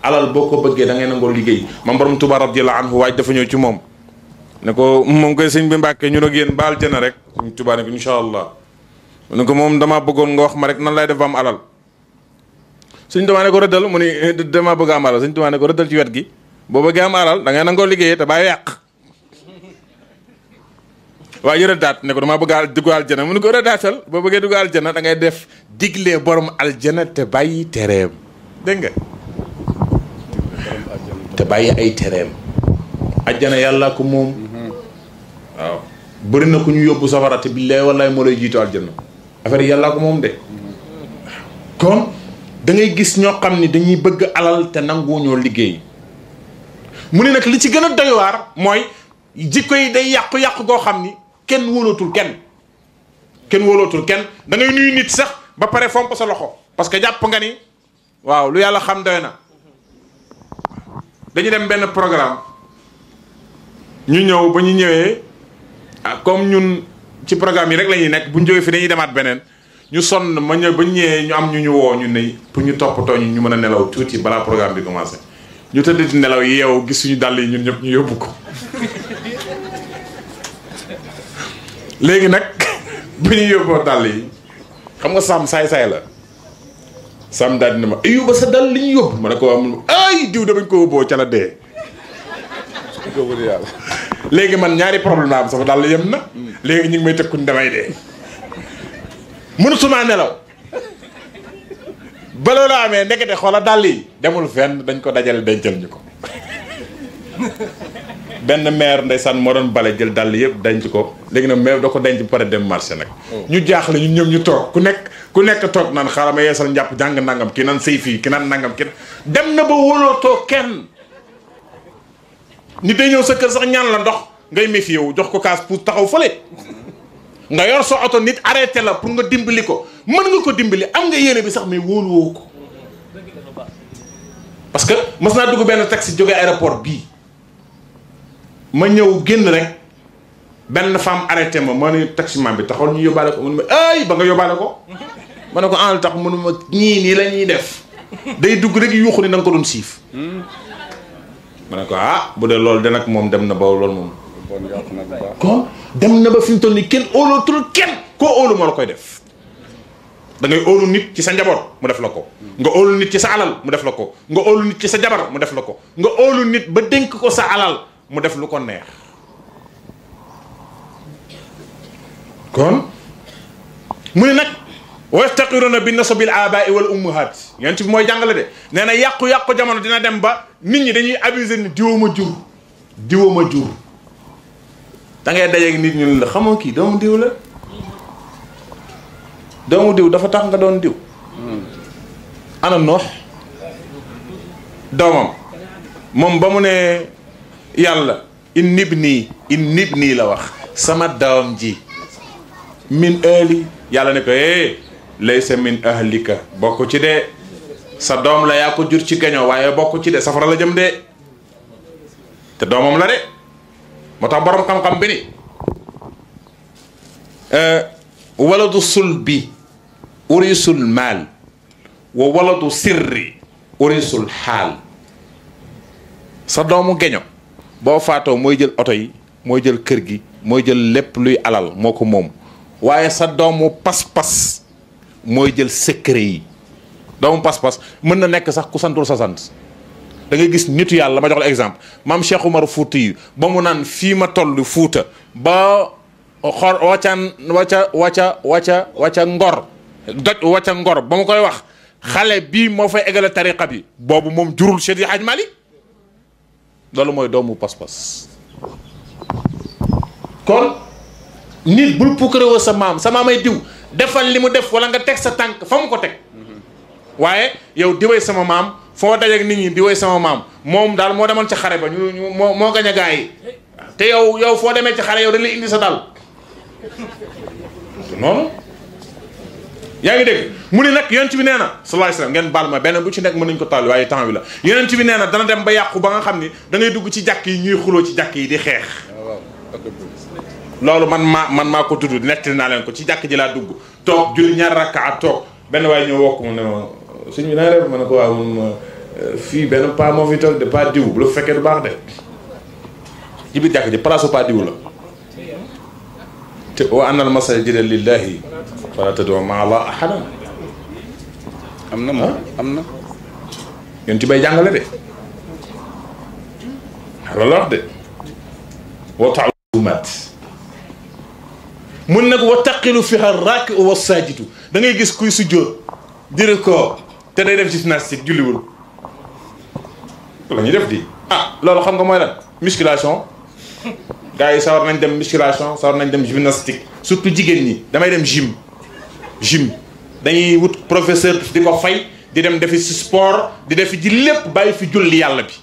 alal boo ko bëggee da ngay nangoo liggéey mam borom Tuubaa radiyallaahu anhu waaye dafa ñëw ci moom ne ko moom koy sëñ bi Mbàkke ñu ak yéen baal jëna rek sëñ Tuubaa ne ko incha allah mu ne ko moom damaa bëggoon nga wax ma rek nan lay def ba am alal sëñ Tuubaa ne ko rëddal mu ne eh, damaa bëgg am alal sëñ ne ko rëddal ci wet gi boo bëggee am alal da ngay nangoo liggéey te bàyyi yàq waaye yu rëddaat ne ko dama bëgg a dugg aljana mu ne ko rëddaatal boo bëggee dugg aljana dangay def diglee borom aljana te bàyyi tereem dégg te bàyyi ay tereem ajjana yàlla ko moom waaw bëri na ku ñu yóbbu safara te billaay wallaay moo lay jiitu aljanna affaire yàllaa ko moom de kon da gis ñoo xam ni dañuy bëgg alal te nanguwuñoo liggéey mu ne nag li ci gën a doy mooy jikko yi day yàqu-yàqu goo xam ni kenn wóolootul kenn kenn wóolootul kenn dangay ngay nit sax ba pare foo sa loxo parce jàpp nga ni waaw lu yàlla xam doy na dañu dem benn programme ñu ñëw ba ñu ñëwee ah, comme ñun ci programme yi rek la ñuy nekk bu ñu jógee fi dañuy demaat beneen ñu sonn ma ñëw ba ñu ñëwee ñu am ñu ñu woo ñu ne pour ñu toppatoo ñu ñu mën a nelaw tuuti balaa programme bi commencé ñu tëdd nelaw yi yow gis suñu dàll yi ñun ñëpp ñu yóbbu ko léegi nag bu ñu yóbboo dàll yi xam nga sàmm saay-saay la. Sam daal dina ma Ayuba sa dal li ñu yóbbu ma ne ko amul ay diw damañ ko yóbboo ca la dee. léegi man ñaari problème am sama dal yem na. léegi ñu ngi may tëkkuñ damay dee. mënutuma nelaw. ba loolu amee ndekete xoola dal yi demul fenn dañ ko dajale dencal ñu ko. benn maire ndeysaan moo doon bale jël dàll yëpp denc ko léegi nag maire da ko denc ba pare dem marché nag. ñu jaaxle ñu ñoom ñu toog ku nekk ku nekk toog naan xaaral ma yeesal njàpp jàng nangam ki naan sëy fii ki naan nangam ki dem na ba wóolootoo kenn. nit day ñëw sa kër sax ñaan la ndox ngay méfié wu jox ko kaas pour taxaw fële. nga yor soo oto nit arrêté la pour nga dimbali ko mën nga ko dimbali am nga yéene bi sax mais wóolu woo ko. parce que mës naa dugg benn taxi jóge aéroport bii. ma ñëw génn rek benn femme arrêté ma ma bi taxoon ñu yóbbaale ma ay ba nga yóbbaale ko ma ne ko en ah, tax mënu ma ñii nii la ñuy def day dugg rek yuuxu ni da ko doon siif ma ne ko ah bu dee loolu de nag moom dem na ba loolu moom kon dem na ba fi mu toll nii kenn óolootul kenn óolu koy def da ngay óolu nit ci sa njaboot mu def la ko nga óolu nit ci sa alal mu def la ko nga óolu nit ci sa jabar mu def la ko nga óolu ba dénk ko sa alal mu def lu ko neex kon mu ne nag wastaqiruuna bi nasabil abaai wal ummahat yonent bi mooy jàngale de nee na yàqu-yàqu jamono dina dem ba nit ñi dañuy abuser ni diwuma jur diwuma jur da ngay dajeeg nit ñu la xamoo kii doomu diw la doomu diw dafa tax nga doon diw ana noox doomam moom ba mu ne yàlla in nib nii in nib nii la wax sama doom ji min ahli yàlla ne ko eh laysa min ahlika bokk ci de sa doom la yaa ko jur ci gañoo waaye bokk ci de safara la jëm de te doomam la de moo tax borom xam-xam bi ni eh, waladu sulbi urisul maal wa waladu sirri urisul xaal sa doomu geño boo faatoo mooy jël oto yi mooy jël kër gi mooy jël lépp luy alal moo ko moom waaye sax doomu pas-pas mooy jël secret yi doomu pas-pas mën na nekk sax ku santul sa sant da gis nitu yàlla ma jox la exemple maam Cheikh Umar Fuuti yi ba mu naan fii ma toll Fuuta ba xor waccaan wacca wacca wacca wacca ngor doj wacca ngor ba mu koy wax xale bii moo fay eggale tariqa bi boobu moom jurul Seydi Hadj Malick loolu mooy doomu pas-pas kon nit bul pukkarewoo sa maam sa maamay diw defal li mu def wala nga teg sa tànk fa mu ko teg mm-hmm. waaye yow diwee sama maam foo dajeeg nit ñi diwee sama maam moom daal moo demoon ci xare ba ñu ñu moo moo gañ a gaa yi te yow yow foo demee ci xare yow dañ lay indi sa dal noonu yaa ngi dégg mu ne nag yonent bi nee na sallallahu alayhi wasallam ngeen baal ma benn bu ci nekk mën nañu ko taal waaye temps bi la yonent bi nee na dana dem ba yàqu ba nga xam ni da dugg ci jàkk yi ñuy xuloo ci jàkk yi di xeex loolu man maa man maa ko tudd nettali naa leen ko ci jàkk ji laa dugg toog julli ñaar rakka toog benn waaye ñëw wokk mu ne suñ bi na nga ma ne ko waa mun fii benn pas moo fi toog de pas diw bu la fekkee du baax de ci biir jàkk ji place pas diw la te wa fala tad'u ma'a llaahi ahadan am na ma am na yéen ci bay jàngale de loolu la wax de wa ta'lumat mun nag wa taqilu fiha raaki wa saajidu da ngay gis kuy sujjóot dire ko te day def gymnastique julliwul la ñuy def di ah loolu xam nga mooy lan musculation gars yi sawar nañ dem musculation sawar nañ dem gymnastique surtout jigéen ñi damay dem gym gym dañuy wut professeur di ko fay di dem defi sport di defi ji lépp bàyyi fi julli yàlla bi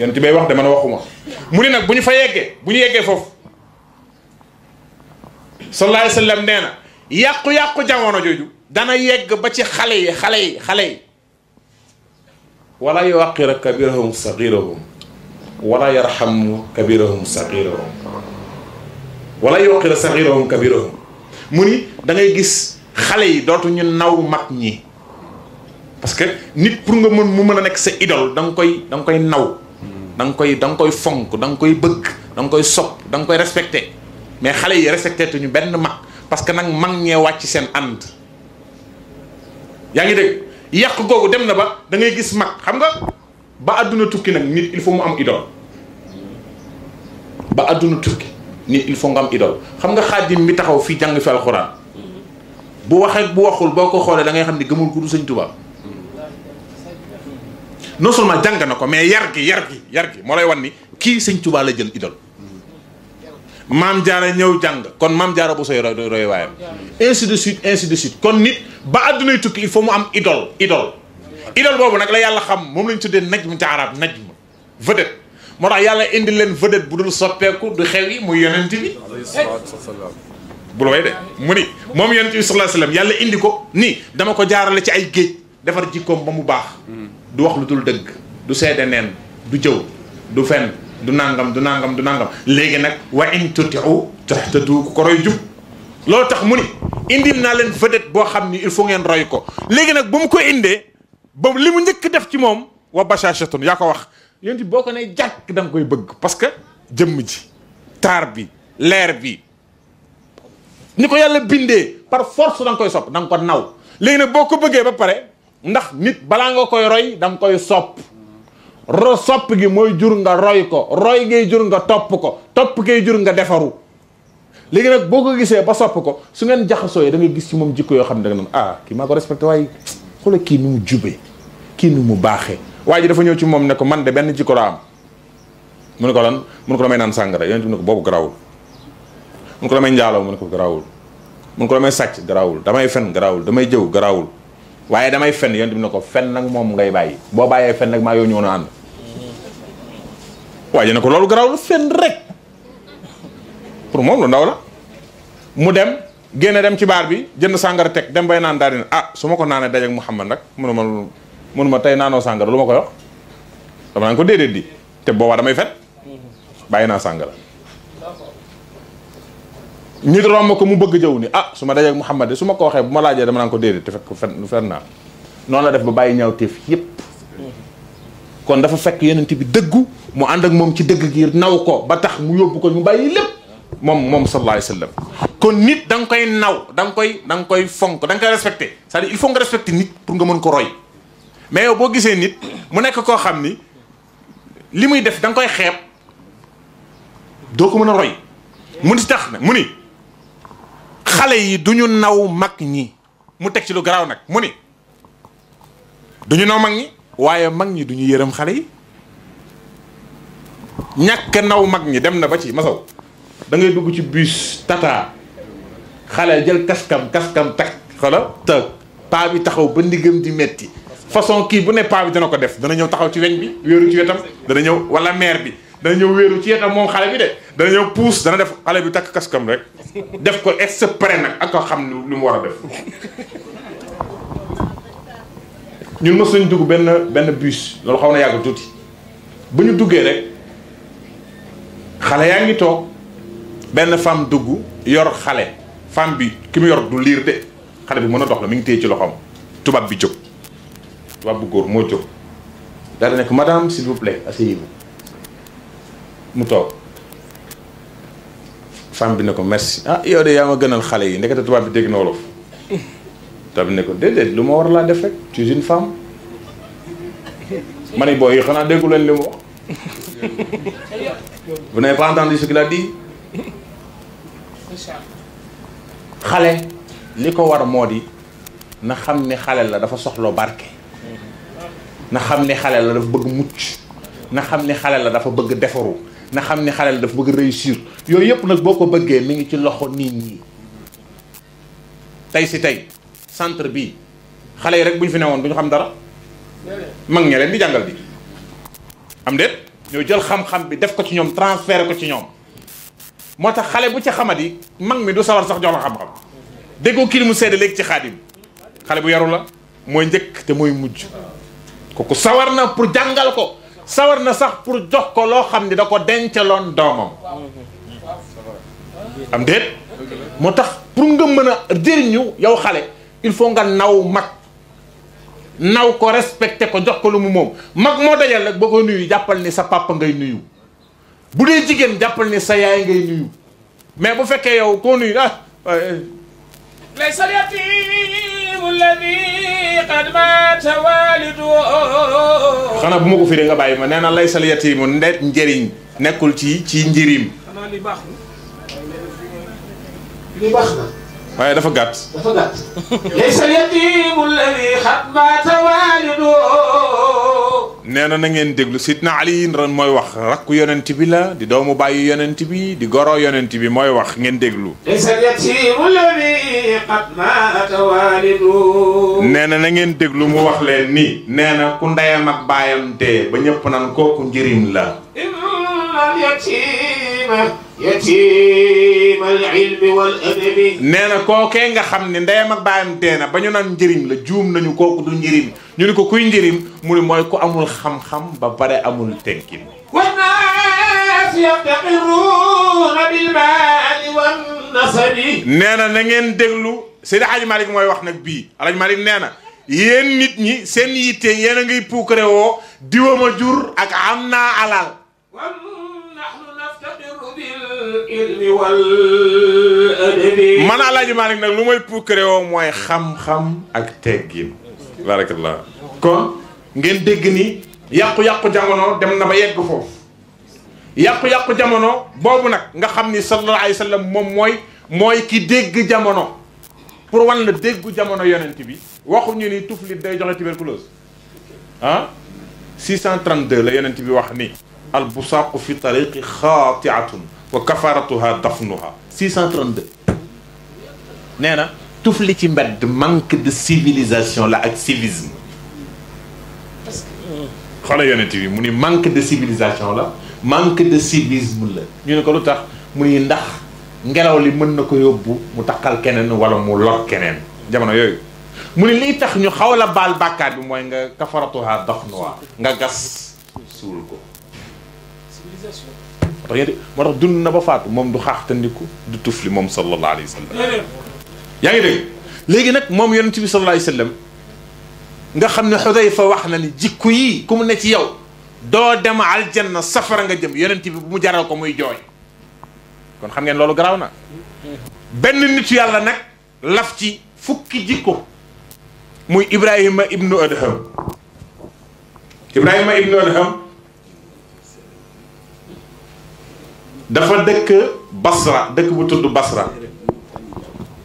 yonent bay wax de man waxuma mu ni nag bu ñu fa yeggee bu ñu yeggee foofu sallallahu alayhi wa sallam nee na yàqu-yàqu jamono jooju dana yegg ba ci xale yi xale yi xale yi wala yuwaqira kabirahum sagirahum wala yarxam kabirahum sagirahum wala yokki la saxiirahum kabirahum mu ni da ngay gis xale yi dootuñu naw mag ñi parce que nit pour nga mën mu mën a nekk sa idole danga koy da koy naw da nga koy da koy fonk danga koy bëgg danga koy sopp danga koy respecté mais xale yi respecté tuñu benn mag parce que nag mag ñee wàcc seen ànd yaa ngi de yàq googu dem na ba da ngay gis mag xam nga ba àdduna tukki nag nit il faut mu am idole ba àdduna tukki nit il faut nga am idole xam nga xaadim mi taxaw fii jàng fi alxuraan bu waxee bu waxul boo ko xoolee da ngay xam ni gëmul ku du sëñ Tuubaa non seulement jàng na ko mais yar gi yar gi yar gi moo lay wan ni kii sëñ Tuubaa la jël idole maam jaara ñëw jàng kon maam jaara bu sooy roy waayam ainsi de suite ainsi de suite kon nit ba àddunay tukki il faut mu am idole idole idole boobu nag la yàlla xam moom lañ tuddee najm ci arab najm vedette moo tax yàlla indi leen vedette bu dul soppeeku du xew yi muy yonent bi bu la de mu ni moom yonent bi sallallahu yàlla indi ko ni dama ko jaarale ci ay géej defar jikkoom ba mu baax du wax lu dul dëgg du seede neen du jëw du fen du nangam du nangam du nangam léegi nag wa in tutiu tahtadu ku ko roy jub tax mu ni indil naa leen vedette boo xam ni il faut ngeen roy ko léegi nag bu mu ko indee ba li mu njëkk def ci moom wa bashashatun yaa ko wax yonent boo ko nee jàkk da koy bëgg parce que jëmm ji taar bi leer bi ni ko yàlla bindee par force da koy sopp da ko naw léegi nag boo ko bëggee ba pare ndax nit balaa nga koy roy da nga koy sopp ro sopp gi mooy jur nga roy ko roy ngay jur nga topp ko topp ngay jur nga defaru léegi nag boo ko gisee ba sopp ko su ngeen jaxasoo yi da gis ci moom jikko yoo xam ne da nga naan ah kii maa ko respecté waaye xoolal kii ni mu jubee kii ni mu baaxee waa ji dafa ñëw ci moom ne ko man de benn jikko laa am mu ne ko lan mu ko damay naan sàngara yonent bi ne ko boobu garaawul mu ko damay njaaloo mu ne ko garaawul mu ne ko damay sàcc garaawul damay fen garawul damay jëw garaawul waaye damay fen yonent bi ne ko fen nag moom ngay bàyyi boo bàyyee fen nag maa yoo ñëwoon a ànd waa ji ko loolu garaawul fen rek pour moom lu ndaw la mu dem génne dem ci baar bi jënd sàngara teg dem bay naan daal ah su ma ko naanee dajeeg Muhammad nag mu ne ma mun ma tey naanoo sàngara lu ma koy wax dama naan ko déedéet di te boobaa damay fet bàyyi naa sàngara nit romb ko mu bëgg jëw ni ah su ma dajee ak Muhammad de su ma ko waxee bu ma laajee dama naan ko déedéet te fekk ko fen fen naa noonu la def ba bàyyi ñaaw téef yépp kon dafa fekk yonent bi dëggu mu ànd ak moom ci dëgg giir naw ko ba tax mu yóbbu ko mu bàyyi lépp moom moom sallallahu alayhi wa sallam kon nit da koy naw danga koy da nga koy fonk da nga koy respecté il faut nga respecté nit pour nga mën ko roy mais boo gisee nit mu nekk koo xam ni li muy def danga koy xeeb doo ko mën a roy mu ni tax na mu ni xale yi du ñu naw mag ñi mu teg ci lu garaaw nag mu ni du ñu naw mag ñi waaye mag ñi du ñu yërëm xale yi ñàkk naw mag ñi dem na ba ci masaw dangay dugg ci bus tata xale jël kaskam kaskam tak xala tëg paa bi taxaw ba ndigam di metti façon kii bu ne paa bi dana ko def dana ñëw taxaw ci weñ bi wéeru ci wetam dana ñëw wala meer bi dana ñëw wéeru ci wetam moom xale bi de dana ñëw puus dana def xale bi takk kaskam rek def ko exprès nag ak ko xam lu mu war a def ñun mos nañ dugg benn benn bus loolu xaw na yàgg tuuti bu ñu duggee rek xale yaa ngi toog benn femme dugg yor xale femme bi ki mu yor du liir de xale bi mën a dox la mi ngi téye ci loxoom tubaab bi jóg tubaab bu góor moo jóg dara ne ko madame s'il vous plaît asseyez-vous mu toog femme bi ne ko merci ah yow de yaa ma gënal xale yi ndekete tubaab bi dégg na wolof tubaab bi ko déedéet lu ma war laa def rek une femme ma ne booy yi xanaa déggu leen li mu wax vous n'avez pas entendu ce qu'il a dit xale li ko war moo di na xam ni xale la dafa soxloo barke na xam ne xale la dafa bëgg mucc na xam ne xale la dafa bëgg defaru na xam ne xale la dafa bëgg réussir yooyu yëpp nag boo ko bëggee mu ngi ci loxo nii ñi tey si tey centre bi xale yi rek bu ñu fi newoon du ñu xam dara mag ña leen di jàngal bi am déet ñoo jël xam-xam bi def ko ci ñoom transféré ko ci ñoom moo tax xale bu ci xamat yi mag mi du sawar sax jox la xam-xam déggoo kii mu seede léegi ci xaadim xale bu yaru la mooy njëkk te mooy mujj kooku sawar na pour jàngal ko sawar na sax pour jox ko loo xam ni da ko dencaloon doomam am déet moo tax pour nga mën a jëriñu yow xale il faut nga naw mag naw ko respecté ko jox ko lu mu moom mag moo dajal rek boo ko nuyu jàppal ni sa papa ngay nuyu bu dee jigéen jàppal ni sa yaay ngay nuyu mais bu fekkee yow koo nuyu ah قد مات والده xanaa bu ma ko firee nga bàyyi ma nee na lay sal yatiimu nde njëriñ nekkul ci ci njëriñ. xanaa li baax na. baax waaye dafa gàtt dafa gàtt laysa yatimu alladi xat maata waalidu nee na na ngeen déglu si ali ran mooy wax rakku yonent bi la di doomu bàyyi yonent bi di goro yonent bi mooy wax ngeen déglu laysa yatimu alladi xat maata waalidu nee na na ngeen déglu mu wax leen ni neena ku ndeyam ak baayam dee ba ñëpp nan kooku njërim la nee na kookee nga xam ne ndeyam ak baayam dee na ba naan njëriñ la juum nañu kooku du njëriñ ñu ni ko kuy njëriñ mu ne mooy ku amul xam-xam ba bare amul tekkin nee na na ngeen déglu Seydi Hadji Malick mooy wax nag bii Alaaji Malick nee na yéen nit ñi seen yitte yéen a ngiy puukare woo a jur ak am naa alal man Alaaji Maalik nag lu may pukkare woo mooy xam-xam ak teggin barakallah kon ngeen dégg ni yàqu-yàqu jamono dem na ba yegg foofu yàqu-yàqu jamono boobu nag nga xam ni sallallahu alayhi wa sallam moom mooy mooy ki dégg jamono pour wan la déggu jamono yonent bi waxuñu ni tuflit day joxe tuberculose ah 632 la yonent bi wax ni al busaaqu fi tariqi xaatiatun wa kafaratuha dafnuha 632 nee na tuf li ci mbedd manque de civilisation la ak civisme xoola yonent bi mu ni manque de civilisation la manque de civisme la ñu ne ko lu tax mu ni ndax ngelaw li mën na ko yóbbu mu takkal keneen wala mu lor keneen jamono yooyu mu ni liy tax ñu xaw la baal bàkkaar bi mooy nga kafaratuha dafnuha nga gas suul ko moo tax yéen moo tax dund na ba faatu moom du xaaxtandiku du tufli moom sallallahu alayhi wa yaa ngi dégg léegi nag moom yonent bi sallallahu alayhi wa nga xam ne Xudayfa wax na ni jikku yi ku mu ne ci yow doo dem aljanna safara nga jëm yonent bi bu mu jaral ko muy jooy kon xam ngeen loolu garaaw na benn nitu yàlla nag laf ci fukki jikko muy Ibrahima ibnu Adham Ibrahima ibnu Adham dafa dëkk Basra dëkk bu tudd Basra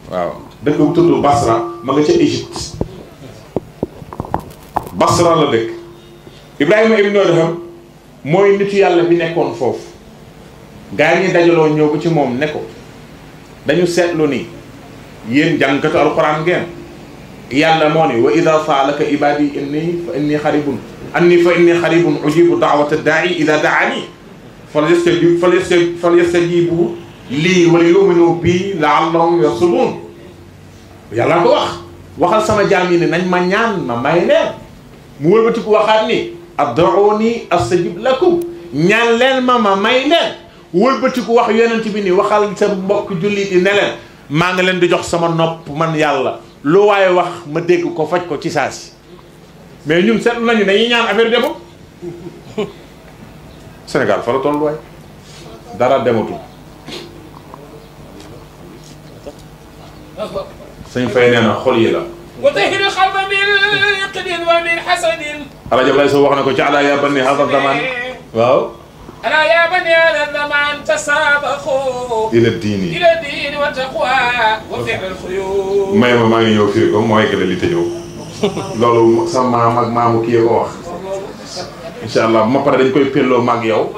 waaw dëkk bu tudd Basra ma nga ca Égypte Basra la dëkk Ibrahima ibn Adham mooy nitu yàlla bi nekkoon foofu gaa ñi dajaloo ñëw ba ci moom ne ko dañu seetlu ni yéen jàngkatu alquran ngeen yàlla moo ni wa ida saalaka ibadi inni fa inni xaribun anni fa inni xaribun ujibu daawata daai ida daani فليستجيب فليستجيب فليستجيبوا lii wala yu'minu bii la'allahum yarshudun yàlla ko wax waxal sama jaam yi ne nañ ma ñaan ma may leen mu wëlbati ko waxaat ni ad'uuni astajib lakum ñaan leen ma ma may leen wëlbati ko wax yonent bi ni waxal sa mbokk jullit yi ne leen maa ngi leen di jox sama nopp man yàlla loo waaye wax ma dégg ko faj ko ci saasi mais ñun seetlu nañu dañuy ñaan affaire defu Sénégal fa la dara dematul sëñ Faye na xol yi la. وطهر القلب من يقد ومن حسد ala jab wax na ko ci ila diini ila diini wa taqwa wa fi'l xuyuur may ma maa ngi ñëw firi ko mooy gën a li tëjoo loolu sa maam ak maamu kii ko wax incha allah bu ma paree dañ koy pelloo mag yow.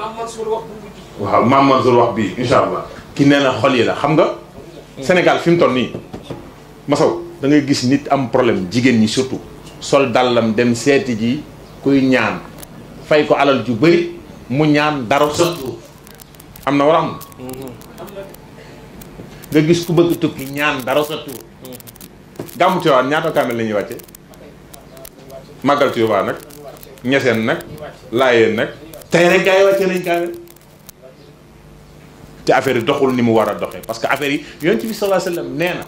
waaw Mame Mansour wax bii incha allah. ki nee na xol yi la xam nga. Sénégal fi mu toll nii. Masaw da ngay gis nit am problème jigéen ñi surtout. sol dàllam dem seeti ji kuy ñaan. fay ko alal ju bëri mu ñaan dara surtout. am na wala am nga gis ku bëgg tukki ñaan dara surtout. gàmmu Tiwaawan ñaata kaamel la wàcce. màggal Tiwaawan nag. ñeseen nag laayeen nag tey rek gars yi wàcce nañ kaamil te affaire yi doxul ni mu war a doxee parce que affaire yi yonent bi sallallahu alayhi wasallam nee na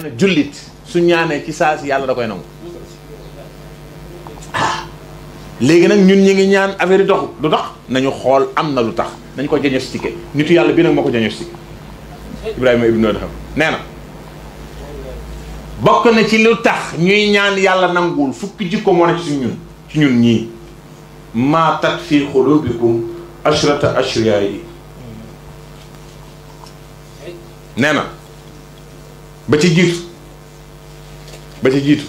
nee na jullit su ñaanee ci saa si yàlla da koy nangu ah! léegi nag ñun ñu ngi ñaan affaire yi dox dox nañu xool am na lu tax nañ ko diagnostiqué nitu yàlla bi nag moo ko diagnostiqué Ibrahima ibnu Adham nee na bokk na ci lu tax ñuy ñaan yàlla nanguwul fukki jikko moo ne ci ñun ci ñun ñii maa fi xulubikum ashrata ashriyaa yi nee na ba ci jiitu ba ci jiitu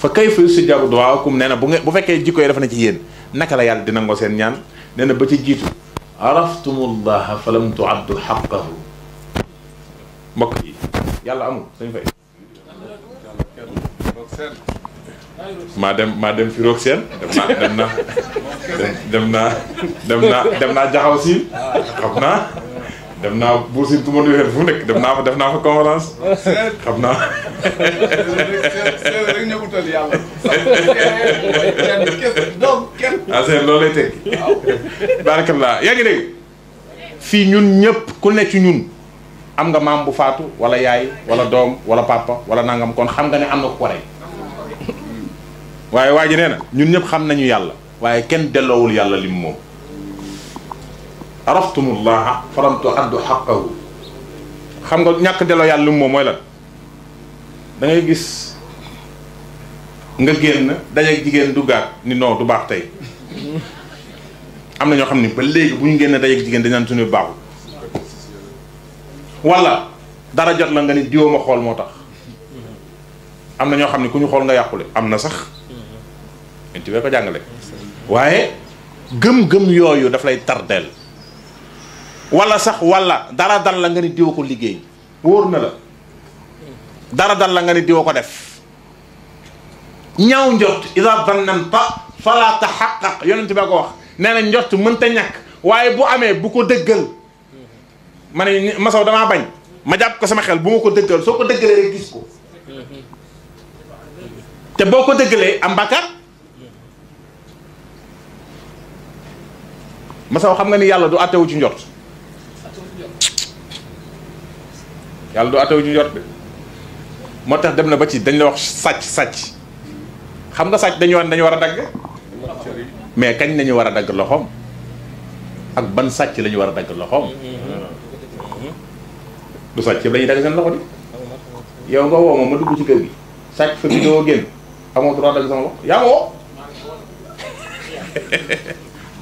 fa kayfa yustajabu duaakum nee na bu ngeen bu fekkee jikko yi dafa ne ci yéen naka la yàlla dina ngoo seen ñaan nee na ba ci jiitu araftumullaha fa lam tuaddu xaqahu mbokk yi yàlla amul sañ fay maa dem maa dem firoog seen dem naa dem naa dem naa dem naa jaxaw siin xam naa dem naa buur siin tuma nuyu fu nekk dem naa fa def naa fa conférence xam naa ah, seen loolu lay teg barakallah yaa ngi dégg fii ñun ñépp ku ne ci ñun am nga maam bu faatu wala yaay wala doom wala papa wala nangam kon xam nga ne am na ku ko waaye waa ji nee na ñun ñëpp xam nañu yàlla waaye kenn delloowul yàlla lim moom araftumullaha falam tuaddu xam nga ñàkk delloo yàlla lim moom mooy la dangay gis nga génn dajeeg jigéen duggaat ni non du baax tey am na ñoo xam ne ba léegi bu ñu génn dajeeg jigéen dañ naan suñu baaxul wala dara jot la nga ni diwoo xool moo tax am na ñoo xam ne ku ñu xool nga yàqule am na sax yonent bi ko jàngale waaye gëm-gëm yooyu daf lay tardeel wala sax walla dara dal la nga ni diwa ko liggéey wóor na la dara dal la nga ni diwa ko def ñaaw njort ida dannanta fala taxaqaq yonent bi ko wax nee na njort mënta ñàkk waaye bu amee bu ko dëggal mane ne masaw damaa bañ ma jàpp ko sama xel bu ma ko dëggal soo ko dëggalee rek gis ko te boo ko dëggalee am bàkkaar Masaw xam nga ni yàlla du attewu ci njort yàlla du attewu ci njort bi moo tax dem na ba ci dañ la wax sàcc sàcc xam nga sàcc dañu war war a dagg mais kañ nañu war a dagg loxoom ak ban sàcc la war a dagg loxoom du sàcc yëpp loxo di yow nga woo ma ma dugg ci kër gi sàcc fa vidéo génn amoo droit dagg sama loxo yaa ma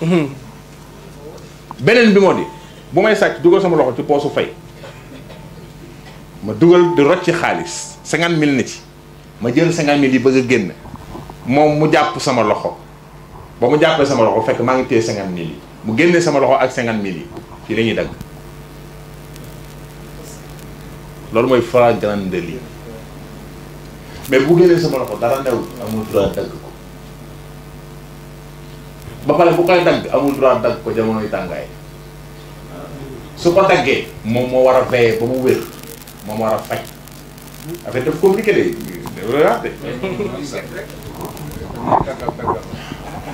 woo beneen bi moo di bu may sàcc dugal sama loxo ci poosu fay ma dugal di rocc xaalis cinquante mille na ci ma jël cinquante mille yi bëgg a génn moom mu jàpp sama loxo ba mu jàppee sama loxo fekk maa ngi téye cinquante mille yi mu génnee sama loxo ak cinquante mille yi fii dañuy dagg loolu mooy flagrant délit mais bu génnee sama loxo dara new amul droit dagg ba pare bu koy dagg amul droit dagg ko jamonoy tàngaay su ko daggee moom moo war a veillé ba mu wér moom war a faj affaire daf compliqué de daf de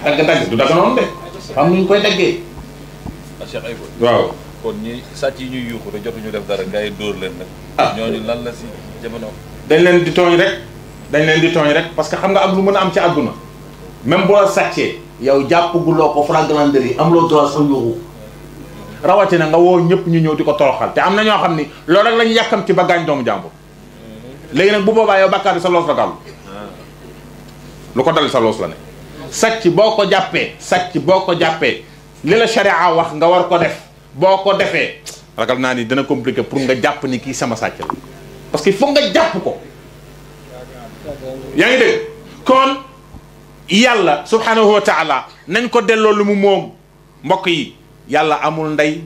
dagg-dagg du dagg de xam ni ñu koy daggee. waaw. kon ñi sàcc yi ñuy yuuxu te jotuñu def dara ngay dóor leen nag. ah ñooñu lan la si jamono. dañ leen di tooñ rek dañ leen di tooñ rek parce que xam nga am lu mën a am ci àdduna même boo sàccee. yow jàppaguloo ko flagranderie am loo droit sax yuuxu rawatina nga woo ñëpp ñu ñëw di ko toroxal te am na ñoo xam ni loolu rek lañu yàkkam ci ba gaañ doomu jàmbur léegi nag bu boobaa yow bàkkaar bi sa loos la gàllu lu ko dal sa loos la ne sàcc boo ko jàppee sàcc boo ko jàppee li la sharia wax nga war ko def boo ko defee ragal naa ni dina compliqué pour nga jàpp ni kii sama sàcc la parce que il faut nga jàpp ko yaa ngi dégg kon yàlla subhanahu wa taala nañ ko delloo lu mu moom mbokk yi yàlla amul ndey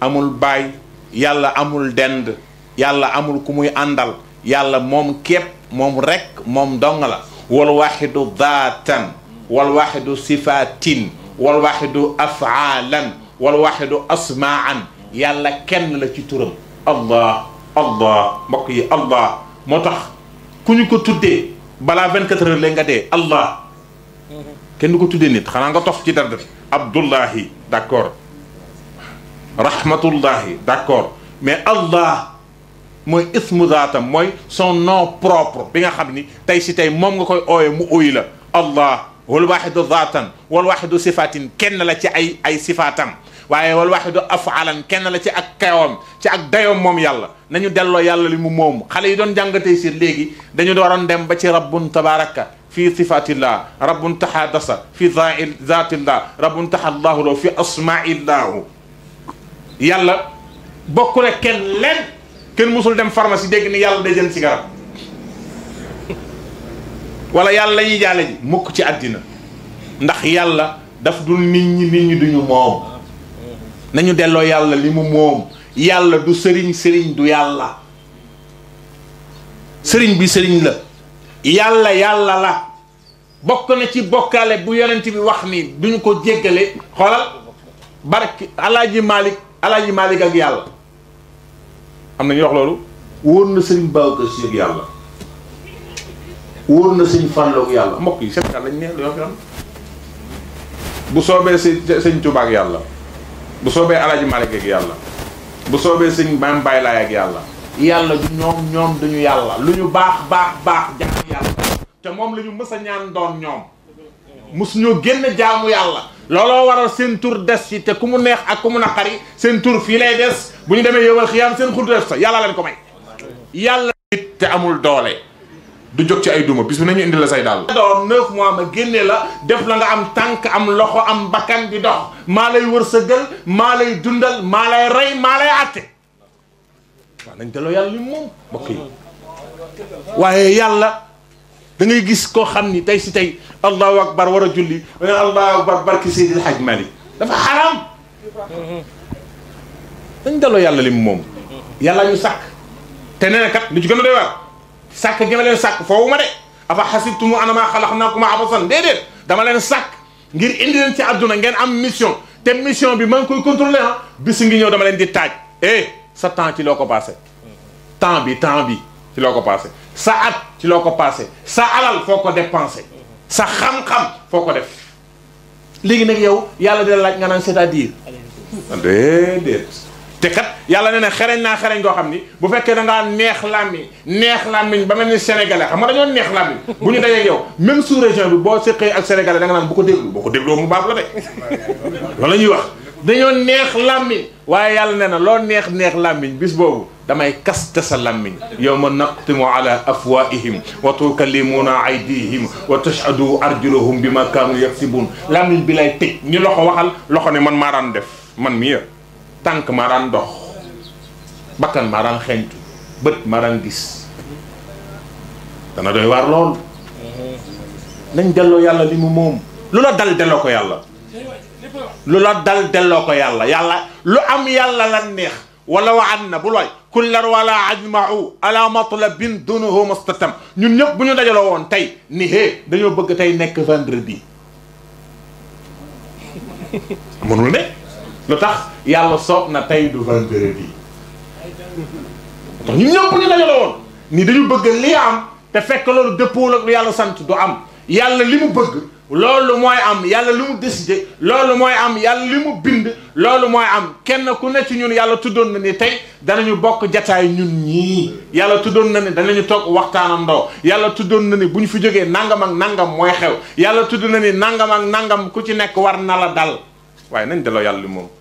amul baay yàlla amul dend yàlla amul ku muy àndal yàlla moom képp moom rekk moom dong la wal waxidu daatan wal waxidu sifatin wal waxidu afaalan wal waxidu asmaan yàlla kenn la ci turam allah allah mbokk yi allah moo tax ku ñu ko tuddee balaa 24 heures léegi nga dee allah kenn ku ko tuddee nit xanaa nga tox ci dara abdullahi d'accord rahmatullahi d'accord mais allah mooy ismu zaatam mooy son nom propre bi nga xam ni tey si tey moom nga koy ooye mu uy la allah wal waaxidu zaatan wal waaxidu sifaatin kenn la ci ay ay sifaatam waaye wal waaxidu afaalan kenn la ci ak kawam ci ak dayoom moom yàlla nañu delloo yàlla li mu moom xale yi doon jàngatee si léegi dañu dooroon dem ba ci rabbun tabaraka fi sifatillah rabbun taxa dasa fi zatillah rabbun taxa allahu law fi asmaillahu yàlla bokk na kenn leen kenn musul dem pharmacie dégg ni yàlla day jënd ci garab wala yàlla la ñuy jaale ji mukk ci àddina ndax yàlla daf dul nit ñi nit ñi duñu moom nañu delloo yàlla li mu moom yàlla du sëriñ sëriñ du yàlla sëriñ bi sëriñ la yàlla yàlla la bokk na ci bokkaale bu yonent bi wax ni duñu ko jéggale xoolal barke alaaji Malick alaaji Malick ak yàlla am na ñuy wax loolu wóor na sëñ Babacar Sy yàlla wóor na sëñ Fallou yàlla mbokk yi Sénégal lañ ne bu soobee yàlla bu soobee alaaji Malick ak yàlla bu soobee sëñ Maam Baye Laay ak yàlla yàlla du ñoom ñoom duñu yàlla lu ñu baax baax baax jàng yàlla te moom la ñu mës a ñaan doon ñoom mus ñoo génn jaamu yàlla looloo waral seen tur des yi te ku mu neex ak ku mu naqari seen tur fii lay des bu ñu demee yowal xiyaam seen xul def sa yàlla leen ko may yàlla nit te amul doole du jóg ci ay duma bis bu nañu indi la say daal doon neuf mois ma la def la nga am tànk am loxo am bakkan bi dox maa lay wërsëgal maa lay dundal maa lay rey maa lay àtte waaw nañ te loo yàlla li moom waaye yàlla da ngay gis koo xam ni tey si tey allahu akbar war a julli nga ne allahu akbar barki Seydil Hadj Malick dafa xaraam dañ delloo yàlla li mu moom yàlla ñu sàkk te nee na kat lu ci gën a doy waar sàkk gi ma leen sàkk foofu ma de afa xasibtumu anama xalaqnaakum abasan déedéet dama leen sàkk ngir indi leen ci àdduna ngeen am mission te mission bi maa ngi koy contrôler ah. bis ngi ñëw dama leen di taaj eh sa temps ci loo ko passé temps bi temps bi ci loo ko passé sa at ci loo ko passé sa alal foo ko dépensé sa xam-xam foo ko def léegi nag yow yàlla dina laaj nga naan c'est-à-dire te kat yàlla nee na xereñ naa xereñ koo xam ni bu fekkee da neex làmmiñ neex làmmiñ ba mel ni sénégalais xam nga dañoo neex làmmiñ bu ñu dajee yow même sous région bi boo séqee ak sénégalais da nga naan bu ko déglu boo ko dégloo mu baax la de loolu la ñuy wax dañoo neex làmmiñ waaye yàlla nee na loo neex neex làmmi bis boobu damay kaste sa làmmiñ yawma naqtimu ala afwaihim wa tukallimuna aydihim wa tashhadu arjuluhum bima kaanu yaksibun làmmiñ bi lay tëj loxo waxal loxo ne man maa def man mi ya tànk maa daan dox bakkan maa xeeñtu bët maa gis dana doy waar lool nañ delloo yàlla li mu moom lu la dal delloo ko yàlla lu la dal delloo ko yàlla yàlla lu am yàlla la neex wala wa an na bul waay kullar wala ajmau ala matlabin dunahu mustatam ñun ñëpp bu ñu dajaloo woon tey ni hee dañoo bëgg tey nekk vendredi mënul ne lu tax yàlla soob na tey du vendredi tax ñun bu ñu dajaloo woon ni dañu bëgg lii te fekk loolu dëppoowul ak lu yàlla sant du am yàlla li mu bëgg loolu mooy am yàlla li mu décidé loolu mooy am yàlla lu mu bind loolu mooy am kenn ku ne ci ñun yàlla tuddoon na ni tey danañu bokk jataay ñun ñii yàlla tuddoon na ni danañu toog waxtaanam ndaw yàlla tuddoon na ni bu ñu fi jógee nangam nangam mooy xew yàlla tudd na ni nangam nangam ku ci nekk war na la dal waaye nañ delloo yàlla li moom